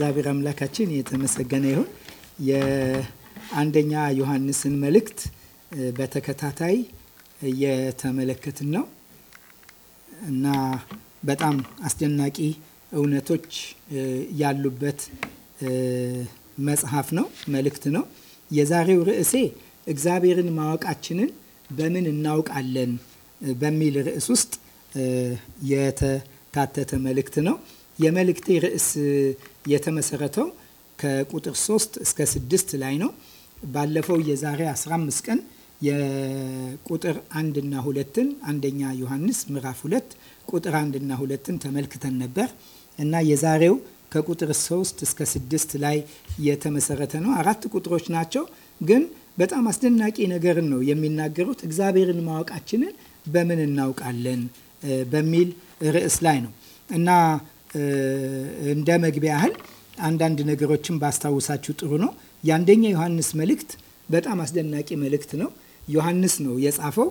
እግዚአብሔር አምላካችን የተመሰገነ ይሁን። የአንደኛ ዮሐንስን መልእክት በተከታታይ እየተመለከትን ነው እና በጣም አስደናቂ እውነቶች ያሉበት መጽሐፍ ነው፣ መልእክት ነው። የዛሬው ርዕሴ እግዚአብሔርን ማወቃችንን በምን እናውቃለን በሚል ርዕስ ውስጥ የተካተተ መልእክት ነው። የመልእክቴ ርዕስ የተመሰረተው ከቁጥር 3 እስከ 6 ላይ ነው። ባለፈው የዛሬ 15 ቀን የቁጥር አንድና ሁለትን አንደኛ ዮሐንስ ምዕራፍ 2 ቁጥር አንድና ሁለትን ተመልክተን ነበር እና የዛሬው ከቁጥር 3 እስከ 6 ላይ የተመሰረተ ነው። አራት ቁጥሮች ናቸው፣ ግን በጣም አስደናቂ ነገርን ነው የሚናገሩት። እግዚአብሔርን ማወቃችንን በምን እናውቃለን በሚል ርዕስ ላይ ነው እና እንደ መግቢያ ያህል አንዳንድ ነገሮችን ባስታውሳችሁ ጥሩ ነው። የአንደኛ ዮሐንስ መልእክት በጣም አስደናቂ መልእክት ነው። ዮሐንስ ነው የጻፈው።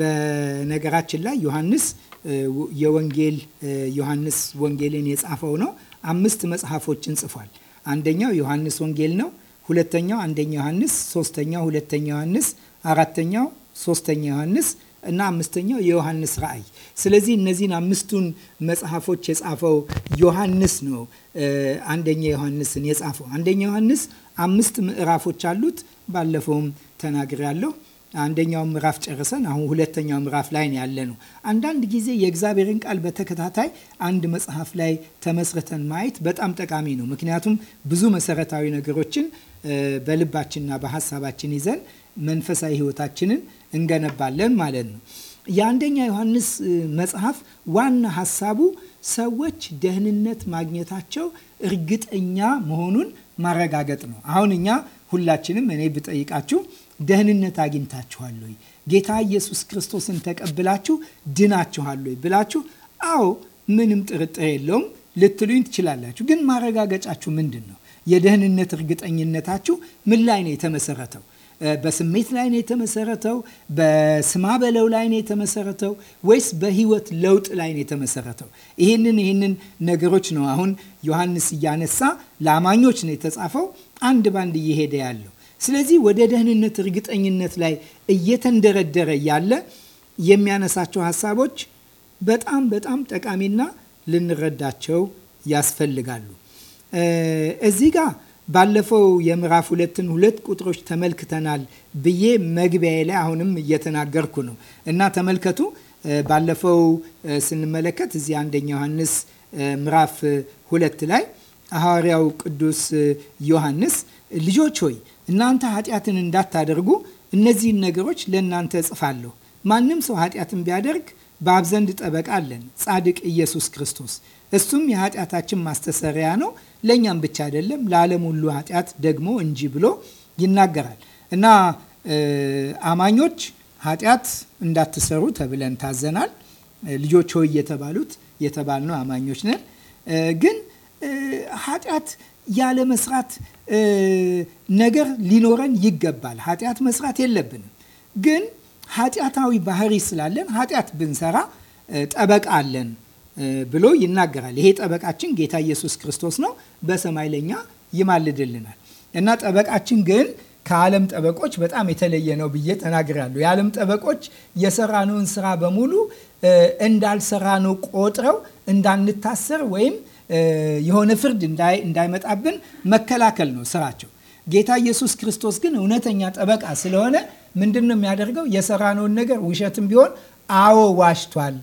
በነገራችን ላይ ዮሐንስ የወንጌል ዮሐንስ ወንጌልን የጻፈው ነው። አምስት መጽሐፎችን ጽፏል። አንደኛው ዮሐንስ ወንጌል ነው። ሁለተኛው አንደኛ ዮሐንስ፣ ሶስተኛው ሁለተኛ ዮሐንስ፣ አራተኛው ሶስተኛ ዮሐንስ እና አምስተኛው የዮሐንስ ራእይ። ስለዚህ እነዚህን አምስቱን መጽሐፎች የጻፈው ዮሐንስ ነው። አንደኛ ዮሐንስን የጻፈው አንደኛ ዮሐንስ አምስት ምዕራፎች አሉት። ባለፈውም ያለው አንደኛው ምዕራፍ ጨርሰን አሁን ሁለተኛው ምዕራፍ ላይ ያለ ነው። አንዳንድ ጊዜ የእግዚአብሔርን ቃል በተከታታይ አንድ መጽሐፍ ላይ ተመስርተን ማየት በጣም ጠቃሚ ነው። ምክንያቱም ብዙ መሰረታዊ ነገሮችን በልባችንና በሀሳባችን ይዘን መንፈሳዊ ሕይወታችንን እንገነባለን ማለት ነው። የአንደኛ ዮሐንስ መጽሐፍ ዋና ሀሳቡ ሰዎች ደህንነት ማግኘታቸው እርግጠኛ መሆኑን ማረጋገጥ ነው። አሁን እኛ ሁላችንም እኔ ብጠይቃችሁ ደህንነት አግኝታችኋል ወይ፣ ጌታ ኢየሱስ ክርስቶስን ተቀብላችሁ ድናችኋል ወይ ብላችሁ አዎ፣ ምንም ጥርጥር የለውም ልትሉኝ ትችላላችሁ። ግን ማረጋገጫችሁ ምንድን ነው? የደህንነት እርግጠኝነታችሁ ምን ላይ ነው የተመሰረተው? በስሜት ላይ ነው የተመሰረተው? በስማ በለው ላይ ነው የተመሰረተው? ወይስ በህይወት ለውጥ ላይ ነው የተመሰረተው? ይህንን ይህንን ነገሮች ነው አሁን ዮሐንስ እያነሳ ለአማኞች ነው የተጻፈው አንድ ባንድ እየሄደ ያለው። ስለዚህ ወደ ደህንነት እርግጠኝነት ላይ እየተንደረደረ ያለ የሚያነሳቸው ሀሳቦች በጣም በጣም ጠቃሚና ልንረዳቸው ያስፈልጋሉ እዚህ ጋር ባለፈው የምዕራፍ ሁለትን ሁለት ቁጥሮች ተመልክተናል ብዬ መግቢያ ላይ አሁንም እየተናገርኩ ነው እና ተመልከቱ። ባለፈው ስንመለከት እዚህ አንደኛ ዮሐንስ ምዕራፍ ሁለት ላይ ሐዋርያው ቅዱስ ዮሐንስ ልጆች ሆይ እናንተ ኃጢአትን እንዳታደርጉ እነዚህን ነገሮች ለእናንተ እጽፋለሁ። ማንም ሰው ኃጢአትን ቢያደርግ በአብ ዘንድ ጠበቃ አለን፣ ጻድቅ ኢየሱስ ክርስቶስ። እሱም የኃጢአታችን ማስተሰሪያ ነው ለእኛም ብቻ አይደለም ለዓለም ሁሉ ኃጢአት ደግሞ እንጂ ብሎ ይናገራል እና አማኞች ኃጢአት እንዳትሰሩ ተብለን ታዘናል። ልጆች ሆይ የተባሉት የተባልነው አማኞች ነን። ግን ኃጢአት ያለ መስራት ነገር ሊኖረን ይገባል። ኃጢአት መስራት የለብንም። ግን ኃጢአታዊ ባህሪ ስላለን ኃጢአት ብንሰራ ጠበቃ አለን ብሎ ይናገራል። ይሄ ጠበቃችን ጌታ ኢየሱስ ክርስቶስ ነው። በሰማይ ለኛ ይማልድልናል እና ጠበቃችን ግን ከዓለም ጠበቆች በጣም የተለየ ነው ብዬ ተናግራለሁ። የዓለም ጠበቆች የሰራነውን ስራ በሙሉ እንዳልሰራነው ቆጥረው እንዳንታሰር ወይም የሆነ ፍርድ እንዳይመጣብን መከላከል ነው ስራቸው። ጌታ ኢየሱስ ክርስቶስ ግን እውነተኛ ጠበቃ ስለሆነ ምንድን ነው የሚያደርገው? የሰራነውን ነገር ውሸትም ቢሆን አዎ ዋሽቷል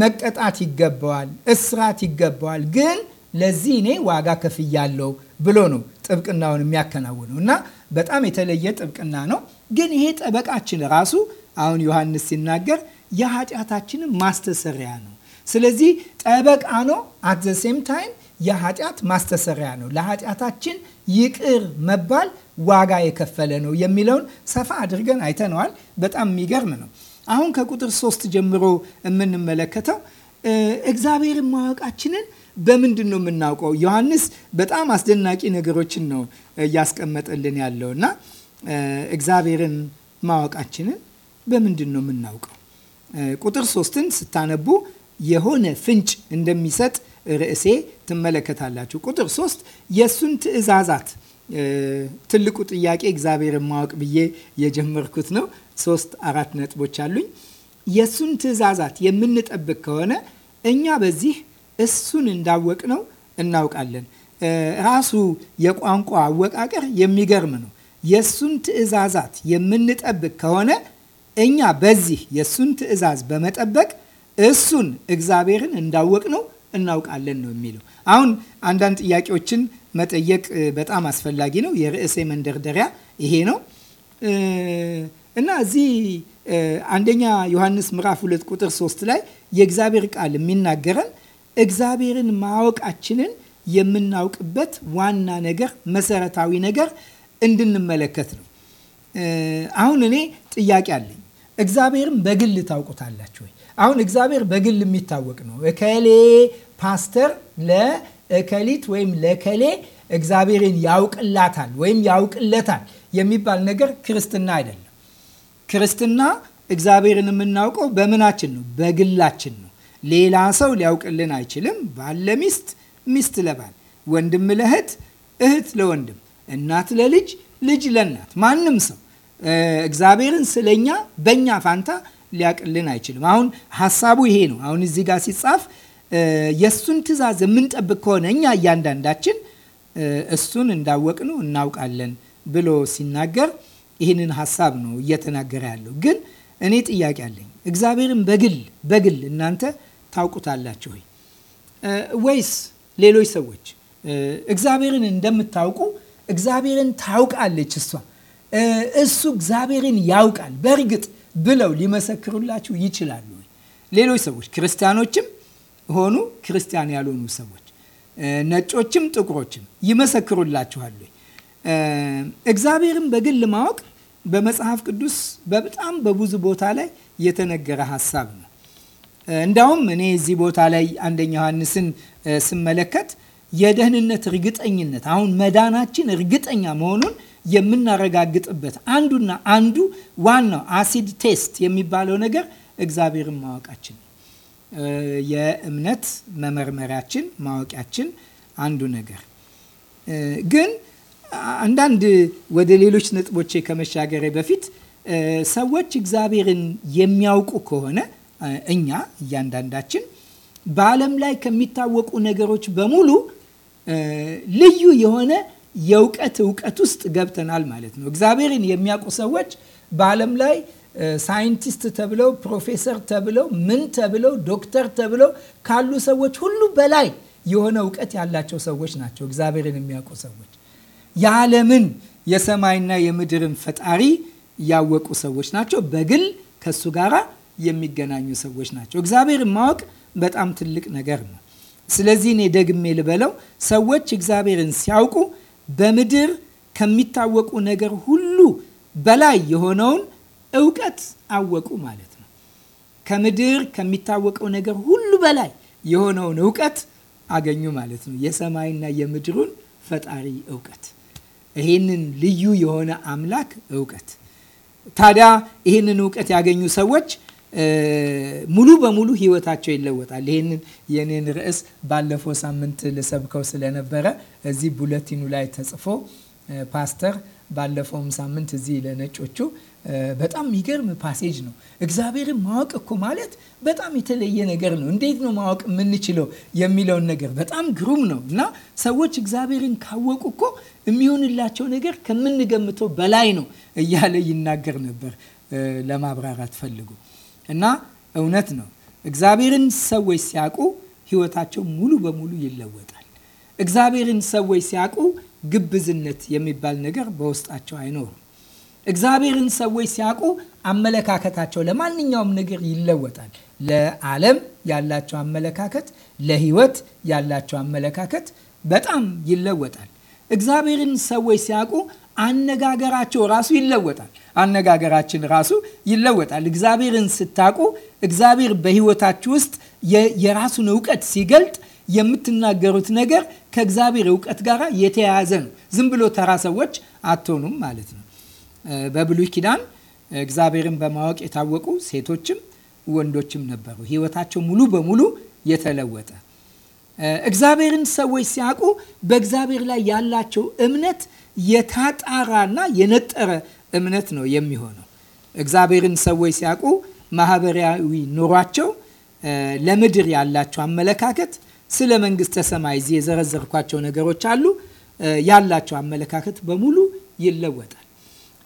መቀጣት ይገባዋል፣ እስራት ይገባዋል። ግን ለዚህ እኔ ዋጋ ከፍያለሁ ብሎ ነው ጥብቅናውን የሚያከናውነው እና በጣም የተለየ ጥብቅና ነው። ግን ይሄ ጠበቃችን ራሱ አሁን ዮሐንስ ሲናገር የኃጢአታችንን ማስተሰሪያ ነው። ስለዚህ ጠበቃ ነው፣ አት ዘ ሴም ታይም የኃጢአት ማስተሰሪያ ነው። ለኃጢአታችን ይቅር መባል ዋጋ የከፈለ ነው የሚለውን ሰፋ አድርገን አይተነዋል። በጣም የሚገርም ነው። አሁን ከቁጥር ሶስት ጀምሮ የምንመለከተው እግዚአብሔርን ማወቃችንን በምንድን ነው የምናውቀው? ዮሐንስ በጣም አስደናቂ ነገሮችን ነው እያስቀመጠልን ያለው እና እግዚአብሔርን ማወቃችንን በምንድን ነው የምናውቀው? ቁጥር ሶስትን ስታነቡ የሆነ ፍንጭ እንደሚሰጥ ርዕሴ ትመለከታላችሁ። ቁጥር ሶስት የእሱን ትእዛዛት ትልቁ ጥያቄ እግዚአብሔርን ማወቅ ብዬ የጀመርኩት ነው። ሶስት አራት ነጥቦች አሉኝ። የእሱን ትእዛዛት የምንጠብቅ ከሆነ እኛ በዚህ እሱን እንዳወቅ ነው እናውቃለን። ራሱ የቋንቋ አወቃቀር የሚገርም ነው። የእሱን ትእዛዛት የምንጠብቅ ከሆነ እኛ በዚህ የእሱን ትእዛዝ በመጠበቅ እሱን እግዚአብሔርን እንዳወቅ ነው እናውቃለን ነው የሚለው። አሁን አንዳንድ ጥያቄዎችን መጠየቅ በጣም አስፈላጊ ነው። የርዕሴ መንደርደሪያ ይሄ ነው እና እዚህ አንደኛ ዮሐንስ ምዕራፍ ሁለት ቁጥር ሶስት ላይ የእግዚአብሔር ቃል የሚናገረን እግዚአብሔርን ማወቃችንን የምናውቅበት ዋና ነገር መሰረታዊ ነገር እንድንመለከት ነው። አሁን እኔ ጥያቄ አለኝ። እግዚአብሔርን በግል ታውቁታላችሁ ወይ? አሁን እግዚአብሔር በግል የሚታወቅ ነው። እከሌ ፓስተር ለ እከሊት ወይም ለከሌ እግዚአብሔርን ያውቅላታል ወይም ያውቅለታል የሚባል ነገር ክርስትና አይደለም። ክርስትና እግዚአብሔርን የምናውቀው በምናችን ነው? በግላችን ነው። ሌላ ሰው ሊያውቅልን አይችልም። ባል ለሚስት፣ ሚስት ለባል፣ ወንድም ለእህት፣ እህት ለወንድም፣ እናት ለልጅ፣ ልጅ ለእናት፣ ማንም ሰው እግዚአብሔርን ስለኛ በእኛ ፋንታ ሊያውቅልን አይችልም። አሁን ሀሳቡ ይሄ ነው። አሁን እዚህ ጋር ሲጻፍ የእሱን ትእዛዝ የምንጠብቅ ከሆነ እኛ እያንዳንዳችን እሱን እንዳወቅኑ እናውቃለን ብሎ ሲናገር ይህንን ሀሳብ ነው እየተናገረ ያለው። ግን እኔ ጥያቄ አለኝ። እግዚአብሔርን በግል በግል እናንተ ታውቁታላችሁ ወይስ ሌሎች ሰዎች እግዚአብሔርን እንደምታውቁ እግዚአብሔርን ታውቃለች እሷ እሱ እግዚአብሔርን ያውቃል በእርግጥ ብለው ሊመሰክሩላችሁ ይችላሉ ወይ? ሌሎች ሰዎች ክርስቲያኖችም ሆኑ ክርስቲያን ያልሆኑ ሰዎች ነጮችም ጥቁሮችም ይመሰክሩላችኋሉ። እግዚአብሔርን በግል ማወቅ በመጽሐፍ ቅዱስ በጣም በብዙ ቦታ ላይ የተነገረ ሀሳብ ነው። እንዳውም እኔ እዚህ ቦታ ላይ አንደኛ ዮሐንስን ስመለከት የደህንነት እርግጠኝነት አሁን መዳናችን እርግጠኛ መሆኑን የምናረጋግጥበት አንዱና አንዱ ዋናው አሲድ ቴስት የሚባለው ነገር እግዚአብሔርን ማወቃችን የእምነት መመርመሪያችን ማወቂያችን አንዱ ነገር ግን አንዳንድ ወደ ሌሎች ነጥቦቼ ከመሻገሬ በፊት ሰዎች እግዚአብሔርን የሚያውቁ ከሆነ እኛ እያንዳንዳችን በዓለም ላይ ከሚታወቁ ነገሮች በሙሉ ልዩ የሆነ የእውቀት እውቀት ውስጥ ገብተናል ማለት ነው። እግዚአብሔርን የሚያውቁ ሰዎች በዓለም ላይ ሳይንቲስት ተብለው ፕሮፌሰር ተብለው ምን ተብለው ዶክተር ተብለው ካሉ ሰዎች ሁሉ በላይ የሆነ እውቀት ያላቸው ሰዎች ናቸው። እግዚአብሔርን የሚያውቁ ሰዎች የዓለምን የሰማይና የምድርን ፈጣሪ ያወቁ ሰዎች ናቸው። በግል ከእሱ ጋር የሚገናኙ ሰዎች ናቸው። እግዚአብሔርን ማወቅ በጣም ትልቅ ነገር ነው። ስለዚህ እኔ ደግሜ ልበለው፣ ሰዎች እግዚአብሔርን ሲያውቁ በምድር ከሚታወቁ ነገር ሁሉ በላይ የሆነውን እውቀት አወቁ ማለት ነው። ከምድር ከሚታወቀው ነገር ሁሉ በላይ የሆነውን እውቀት አገኙ ማለት ነው። የሰማይና የምድሩን ፈጣሪ እውቀት፣ ይህንን ልዩ የሆነ አምላክ እውቀት። ታዲያ ይህንን እውቀት ያገኙ ሰዎች ሙሉ በሙሉ ህይወታቸው ይለወጣል። ይህንን የኔን ርዕስ ባለፈው ሳምንት ልሰብከው ስለነበረ እዚህ ቡለቲኑ ላይ ተጽፎ ፓስተር ባለፈውም ሳምንት እዚህ ለነጮቹ በጣም የሚገርም ፓሴጅ ነው። እግዚአብሔርን ማወቅ እኮ ማለት በጣም የተለየ ነገር ነው። እንዴት ነው ማወቅ የምንችለው የሚለውን ነገር በጣም ግሩም ነው እና ሰዎች እግዚአብሔርን ካወቁ እኮ የሚሆንላቸው ነገር ከምንገምተው በላይ ነው እያለ ይናገር ነበር ለማብራራት ፈልጉ እና እውነት ነው። እግዚአብሔርን ሰዎች ሲያውቁ ህይወታቸው ሙሉ በሙሉ ይለወጣል። እግዚአብሔርን ሰዎች ሲያውቁ ግብዝነት የሚባል ነገር በውስጣቸው አይኖርም። እግዚአብሔርን ሰዎች ሲያውቁ አመለካከታቸው ለማንኛውም ነገር ይለወጣል። ለዓለም ያላቸው አመለካከት፣ ለህይወት ያላቸው አመለካከት በጣም ይለወጣል። እግዚአብሔርን ሰዎች ሲያውቁ አነጋገራቸው ራሱ ይለወጣል። አነጋገራችን ራሱ ይለወጣል። እግዚአብሔርን ስታውቁ እግዚአብሔር በህይወታችሁ ውስጥ የራሱን እውቀት ሲገልጥ የምትናገሩት ነገር ከእግዚአብሔር እውቀት ጋር የተያያዘ ነው። ዝም ብሎ ተራ ሰዎች አትሆኑም ማለት ነው። በብሉይ ኪዳን እግዚአብሔርን በማወቅ የታወቁ ሴቶችም ወንዶችም ነበሩ። ህይወታቸው ሙሉ በሙሉ የተለወጠ እግዚአብሔርን ሰዎች ሲያውቁ በእግዚአብሔር ላይ ያላቸው እምነት የታጣራና የነጠረ እምነት ነው የሚሆነው። እግዚአብሔርን ሰዎች ሲያውቁ ማህበራዊ ኑሯቸው፣ ለምድር ያላቸው አመለካከት፣ ስለ መንግስተ ሰማይ እዚህ የዘረዘርኳቸው ነገሮች አሉ ያላቸው አመለካከት በሙሉ ይለወጣል።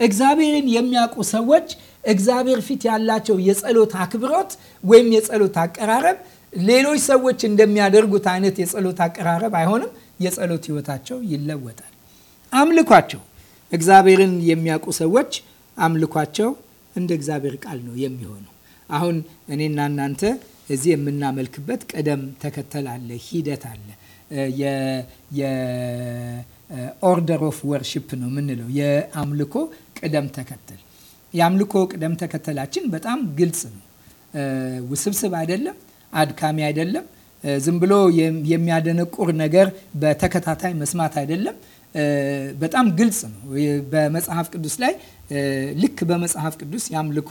እግዚአብሔርን የሚያውቁ ሰዎች እግዚአብሔር ፊት ያላቸው የጸሎት አክብሮት ወይም የጸሎት አቀራረብ ሌሎች ሰዎች እንደሚያደርጉት አይነት የጸሎት አቀራረብ አይሆንም። የጸሎት ህይወታቸው ይለወጣል። አምልኳቸው እግዚአብሔርን የሚያውቁ ሰዎች አምልኳቸው እንደ እግዚአብሔር ቃል ነው የሚሆኑ። አሁን እኔና እናንተ እዚህ የምናመልክበት ቅደም ተከተል አለ፣ ሂደት አለ። የኦርደር ኦፍ ወርሺፕ ነው የምንለው የአምልኮ ቅደም ተከተል። የአምልኮ ቅደም ተከተላችን በጣም ግልጽ ነው። ውስብስብ አይደለም፣ አድካሚ አይደለም። ዝም ብሎ የሚያደነቁር ነገር በተከታታይ መስማት አይደለም። በጣም ግልጽ ነው። በመጽሐፍ ቅዱስ ላይ ልክ በመጽሐፍ ቅዱስ የአምልኮ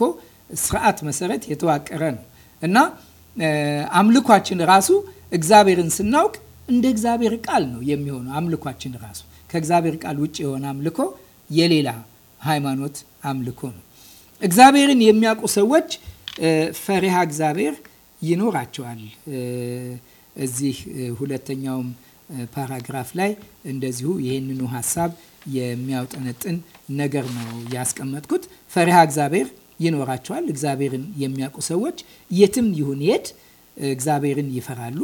ስርዓት መሰረት የተዋቀረ ነው እና አምልኳችን ራሱ እግዚአብሔርን ስናውቅ እንደ እግዚአብሔር ቃል ነው የሚሆነው። አምልኳችን ራሱ ከእግዚአብሔር ቃል ውጭ የሆነ አምልኮ የሌላ ሃይማኖት አምልኮ ነው። እግዚአብሔርን የሚያውቁ ሰዎች ፈሪሃ እግዚአብሔር ይኖራቸዋል። እዚህ ሁለተኛውም ፓራግራፍ ላይ እንደዚሁ ይህንኑ ሀሳብ የሚያውጠነጥን ነገር ነው ያስቀመጥኩት። ፈሪሃ እግዚአብሔር ይኖራቸዋል። እግዚአብሔርን የሚያውቁ ሰዎች የትም ይሁን የት እግዚአብሔርን ይፈራሉ።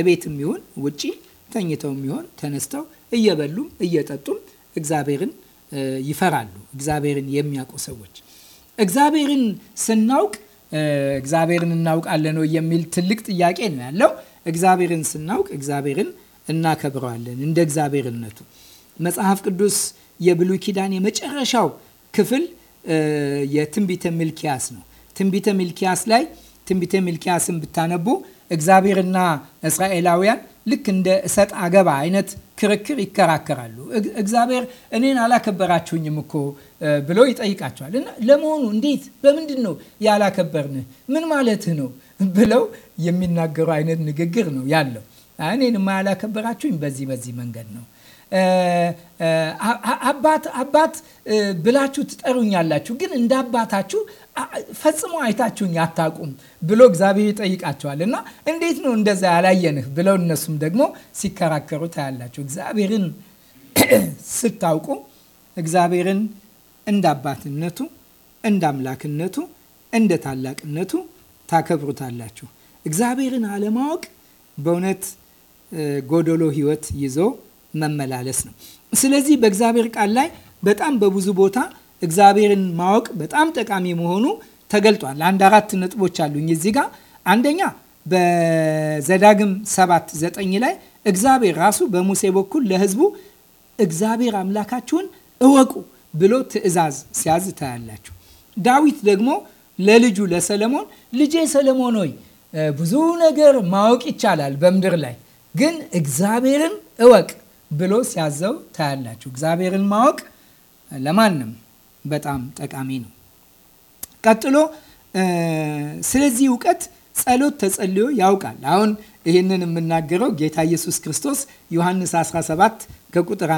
እቤትም ይሁን ውጪ፣ ተኝተውም ይሁን ተነስተው፣ እየበሉም እየጠጡም እግዚአብሔርን ይፈራሉ። እግዚአብሔርን የሚያውቁ ሰዎች እግዚአብሔርን ስናውቅ እግዚአብሔርን እናውቃለን ወይ የሚል ትልቅ ጥያቄ ነው ያለው። እግዚአብሔርን ስናውቅ እግዚአብሔርን እናከብረዋለን እንደ እግዚአብሔርነቱ። መጽሐፍ ቅዱስ የብሉይ ኪዳን የመጨረሻው ክፍል የትንቢተ ሚልኪያስ ነው። ትንቢተ ሚልኪያስ ላይ ትንቢተ ሚልኪያስን ብታነቡ እግዚአብሔርና እስራኤላውያን ልክ እንደ እሰጥ አገባ አይነት ክርክር ይከራከራሉ። እግዚአብሔር እኔን አላከበራችሁኝም እኮ ብሎ ይጠይቃቸዋል። እና ለመሆኑ እንዴት በምንድን ነው ያላከበርንህ? ምን ማለትህ ነው? ብለው የሚናገሩ አይነት ንግግር ነው ያለው። እኔንማ ያላከበራችሁኝ በዚህ በዚህ መንገድ ነው አባት አባት ብላችሁ ትጠሩኛላችሁ፣ ግን እንደ አባታችሁ ፈጽሞ አይታችሁኝ አታውቁም ብሎ እግዚአብሔር ይጠይቃቸዋል። እና እንዴት ነው እንደዛ ያላየንህ ብለው እነሱም ደግሞ ሲከራከሩ ታያላችሁ። እግዚአብሔርን ስታውቁ እግዚአብሔርን እንደ አባትነቱ፣ እንደ አምላክነቱ፣ እንደ ታላቅነቱ ታከብሩታላችሁ። እግዚአብሔርን አለማወቅ በእውነት ጎደሎ ህይወት ይዞ መመላለስ ነው። ስለዚህ በእግዚአብሔር ቃል ላይ በጣም በብዙ ቦታ እግዚአብሔርን ማወቅ በጣም ጠቃሚ መሆኑ ተገልጧል። አንድ አራት ነጥቦች አሉኝ እዚህ ጋር። አንደኛ በዘዳግም ሰባት ዘጠኝ ላይ እግዚአብሔር ራሱ በሙሴ በኩል ለሕዝቡ እግዚአብሔር አምላካችሁን እወቁ ብሎ ትእዛዝ ሲያዝ ታያላችሁ። ዳዊት ደግሞ ለልጁ ለሰለሞን ልጄ ሰለሞን ሆይ ብዙ ነገር ማወቅ ይቻላል በምድር ላይ ግን እግዚአብሔርን እወቅ ብሎ ሲያዘው ታያላችሁ። እግዚአብሔርን ማወቅ ለማንም በጣም ጠቃሚ ነው። ቀጥሎ ስለዚህ እውቀት ጸሎት ተጸልዮ ያውቃል። አሁን ይህንን የምናገረው ጌታ ኢየሱስ ክርስቶስ ዮሐንስ 17 ከቁጥር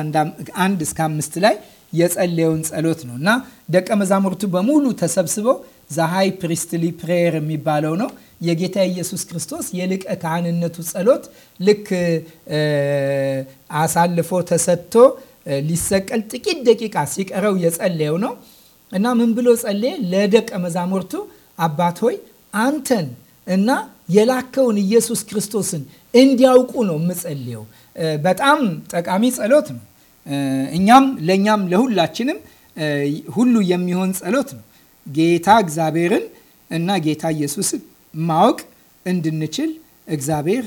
አንድ እስከ አምስት ላይ የጸለየውን ጸሎት ነው እና ደቀ መዛሙርቱ በሙሉ ተሰብስበው ዘሃይ ፕሪስትሊ ፕሬየር የሚባለው ነው የጌታ ኢየሱስ ክርስቶስ የሊቀ ካህንነቱ ጸሎት ልክ አሳልፎ ተሰጥቶ ሊሰቀል ጥቂት ደቂቃ ሲቀረው የጸለየው ነው እና ምን ብሎ ጸለየ? ለደቀ መዛሙርቱ አባት ሆይ አንተን እና የላከውን ኢየሱስ ክርስቶስን እንዲያውቁ ነው የምጸልየው። በጣም ጠቃሚ ጸሎት ነው። እኛም ለእኛም ለሁላችንም ሁሉ የሚሆን ጸሎት ነው። ጌታ እግዚአብሔርን እና ጌታ ኢየሱስን ማወቅ እንድንችል እግዚአብሔር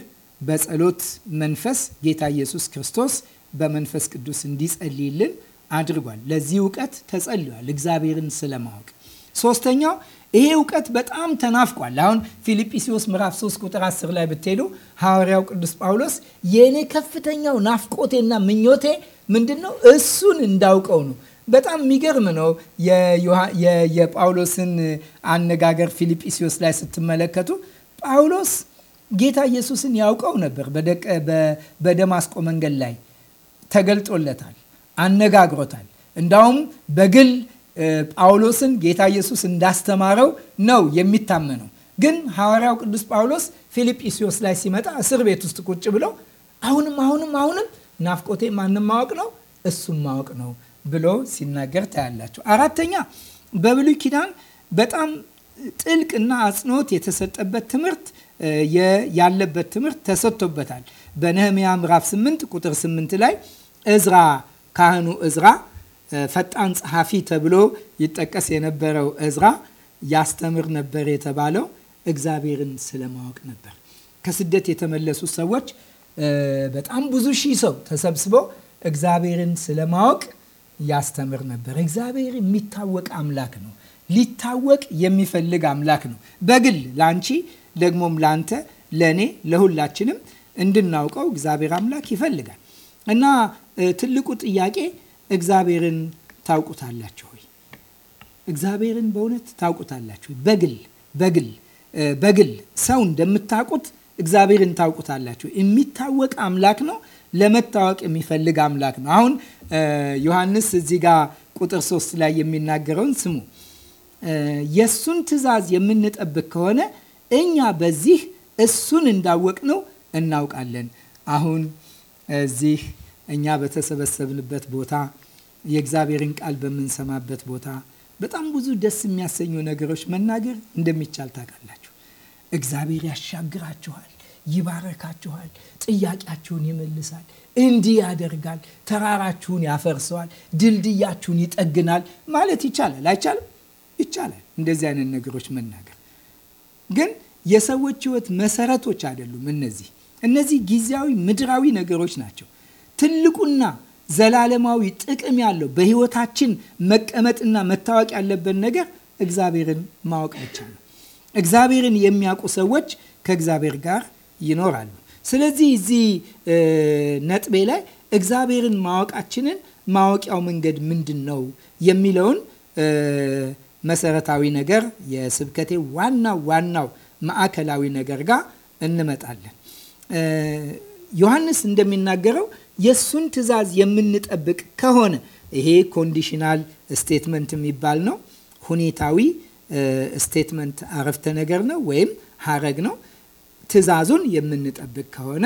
በጸሎት መንፈስ ጌታ ኢየሱስ ክርስቶስ በመንፈስ ቅዱስ እንዲጸልይልን አድርጓል። ለዚህ እውቀት ተጸልዋል እግዚአብሔርን ስለማወቅ። ሶስተኛው ይሄ እውቀት በጣም ተናፍቋል። አሁን ፊልጵስዩስ ምዕራፍ 3 ቁጥር 10 ላይ ብትሄዱ ሐዋርያው ቅዱስ ጳውሎስ የእኔ ከፍተኛው ናፍቆቴና ምኞቴ ምንድን ነው? እሱን እንዳውቀው ነው። በጣም የሚገርም ነው። የጳውሎስን አነጋገር ፊልጵስዩስ ላይ ስትመለከቱ ጳውሎስ ጌታ ኢየሱስን ያውቀው ነበር በደማስቆ መንገድ ላይ ተገልጦለታል፣ አነጋግሮታል። እንዳውም በግል ጳውሎስን ጌታ ኢየሱስ እንዳስተማረው ነው የሚታመነው። ግን ሐዋርያው ቅዱስ ጳውሎስ ፊልጵስዩስ ላይ ሲመጣ እስር ቤት ውስጥ ቁጭ ብሎ አሁንም አሁንም አሁንም ናፍቆቴ ማንም ማወቅ ነው እሱም ማወቅ ነው ብሎ ሲናገር ታያላቸው። አራተኛ በብሉይ ኪዳን በጣም ጥልቅና አጽንኦት የተሰጠበት ትምህርት ያለበት ትምህርት ተሰጥቶበታል። በነህምያ ምዕራፍ 8 ቁጥር 8 ላይ እዝራ ካህኑ እዝራ ፈጣን ጸሐፊ ተብሎ ይጠቀስ የነበረው እዝራ ያስተምር ነበር የተባለው እግዚአብሔርን ስለማወቅ ነበር። ከስደት የተመለሱ ሰዎች በጣም ብዙ ሺህ ሰው ተሰብስበው እግዚአብሔርን ስለማወቅ ያስተምር ነበር። እግዚአብሔር የሚታወቅ አምላክ ነው። ሊታወቅ የሚፈልግ አምላክ ነው። በግል ለአንቺ ደግሞም ለአንተ፣ ለእኔ፣ ለሁላችንም እንድናውቀው እግዚአብሔር አምላክ ይፈልጋል እና ትልቁ ጥያቄ እግዚአብሔርን ታውቁታላችሁ ወይ? እግዚአብሔርን በእውነት ታውቁታላችሁ? በግል በግል በግል ሰው እንደምታውቁት እግዚአብሔርን ታውቁታላችሁ። የሚታወቅ አምላክ ነው። ለመታወቅ የሚፈልግ አምላክ ነው። አሁን ዮሐንስ እዚህ ጋር ቁጥር ሶስት ላይ የሚናገረውን ስሙ። የእሱን ትእዛዝ የምንጠብቅ ከሆነ እኛ በዚህ እሱን እንዳወቅ ነው እናውቃለን። አሁን እዚህ እኛ በተሰበሰብንበት ቦታ፣ የእግዚአብሔርን ቃል በምንሰማበት ቦታ በጣም ብዙ ደስ የሚያሰኙ ነገሮች መናገር እንደሚቻል ታውቃላችሁ። እግዚአብሔር ያሻግራችኋል፣ ይባረካችኋል፣ ጥያቄያችሁን ይመልሳል፣ እንዲህ ያደርጋል፣ ተራራችሁን ያፈርሰዋል፣ ድልድያችሁን ይጠግናል ማለት ይቻላል። አይቻልም? ይቻላል። እንደዚህ አይነት ነገሮች መናገር ግን የሰዎች ህይወት መሰረቶች አይደሉም። እነዚህ እነዚህ ጊዜያዊ ምድራዊ ነገሮች ናቸው። ትልቁና ዘላለማዊ ጥቅም ያለው በህይወታችን መቀመጥና መታወቅ ያለበት ነገር እግዚአብሔርን ማወቅ ብቻ ነው። እግዚአብሔርን የሚያውቁ ሰዎች ከእግዚአብሔር ጋር ይኖራሉ። ስለዚህ እዚህ ነጥቤ ላይ እግዚአብሔርን ማወቃችንን ማወቂያው መንገድ ምንድን ነው የሚለውን መሰረታዊ ነገር የስብከቴ ዋና ዋናው ማዕከላዊ ነገር ጋር እንመጣለን። ዮሐንስ እንደሚናገረው የእሱን ትእዛዝ የምንጠብቅ ከሆነ ይሄ ኮንዲሽናል ስቴትመንት የሚባል ነው። ሁኔታዊ ስቴትመንት አረፍተ ነገር ነው ወይም ሀረግ ነው። ትእዛዙን የምንጠብቅ ከሆነ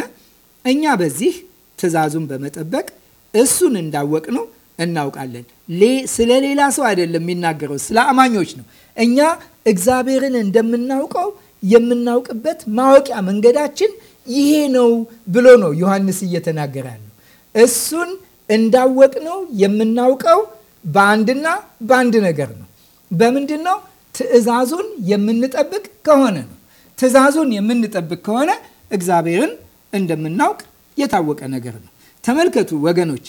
እኛ በዚህ ትእዛዙን በመጠበቅ እሱን እንዳወቅ ነው እናውቃለን። ስለ ሌላ ሰው አይደለም የሚናገረው፣ ስለ አማኞች ነው። እኛ እግዚአብሔርን እንደምናውቀው የምናውቅበት ማወቂያ መንገዳችን ይሄ ነው ብሎ ነው ዮሐንስ እየተናገረ ያለ እሱን እንዳወቅ ነው የምናውቀው በአንድና በአንድ ነገር ነው። በምንድን ነው? ትእዛዙን የምንጠብቅ ከሆነ ነው። ትእዛዙን የምንጠብቅ ከሆነ እግዚአብሔርን እንደምናውቅ የታወቀ ነገር ነው። ተመልከቱ ወገኖች፣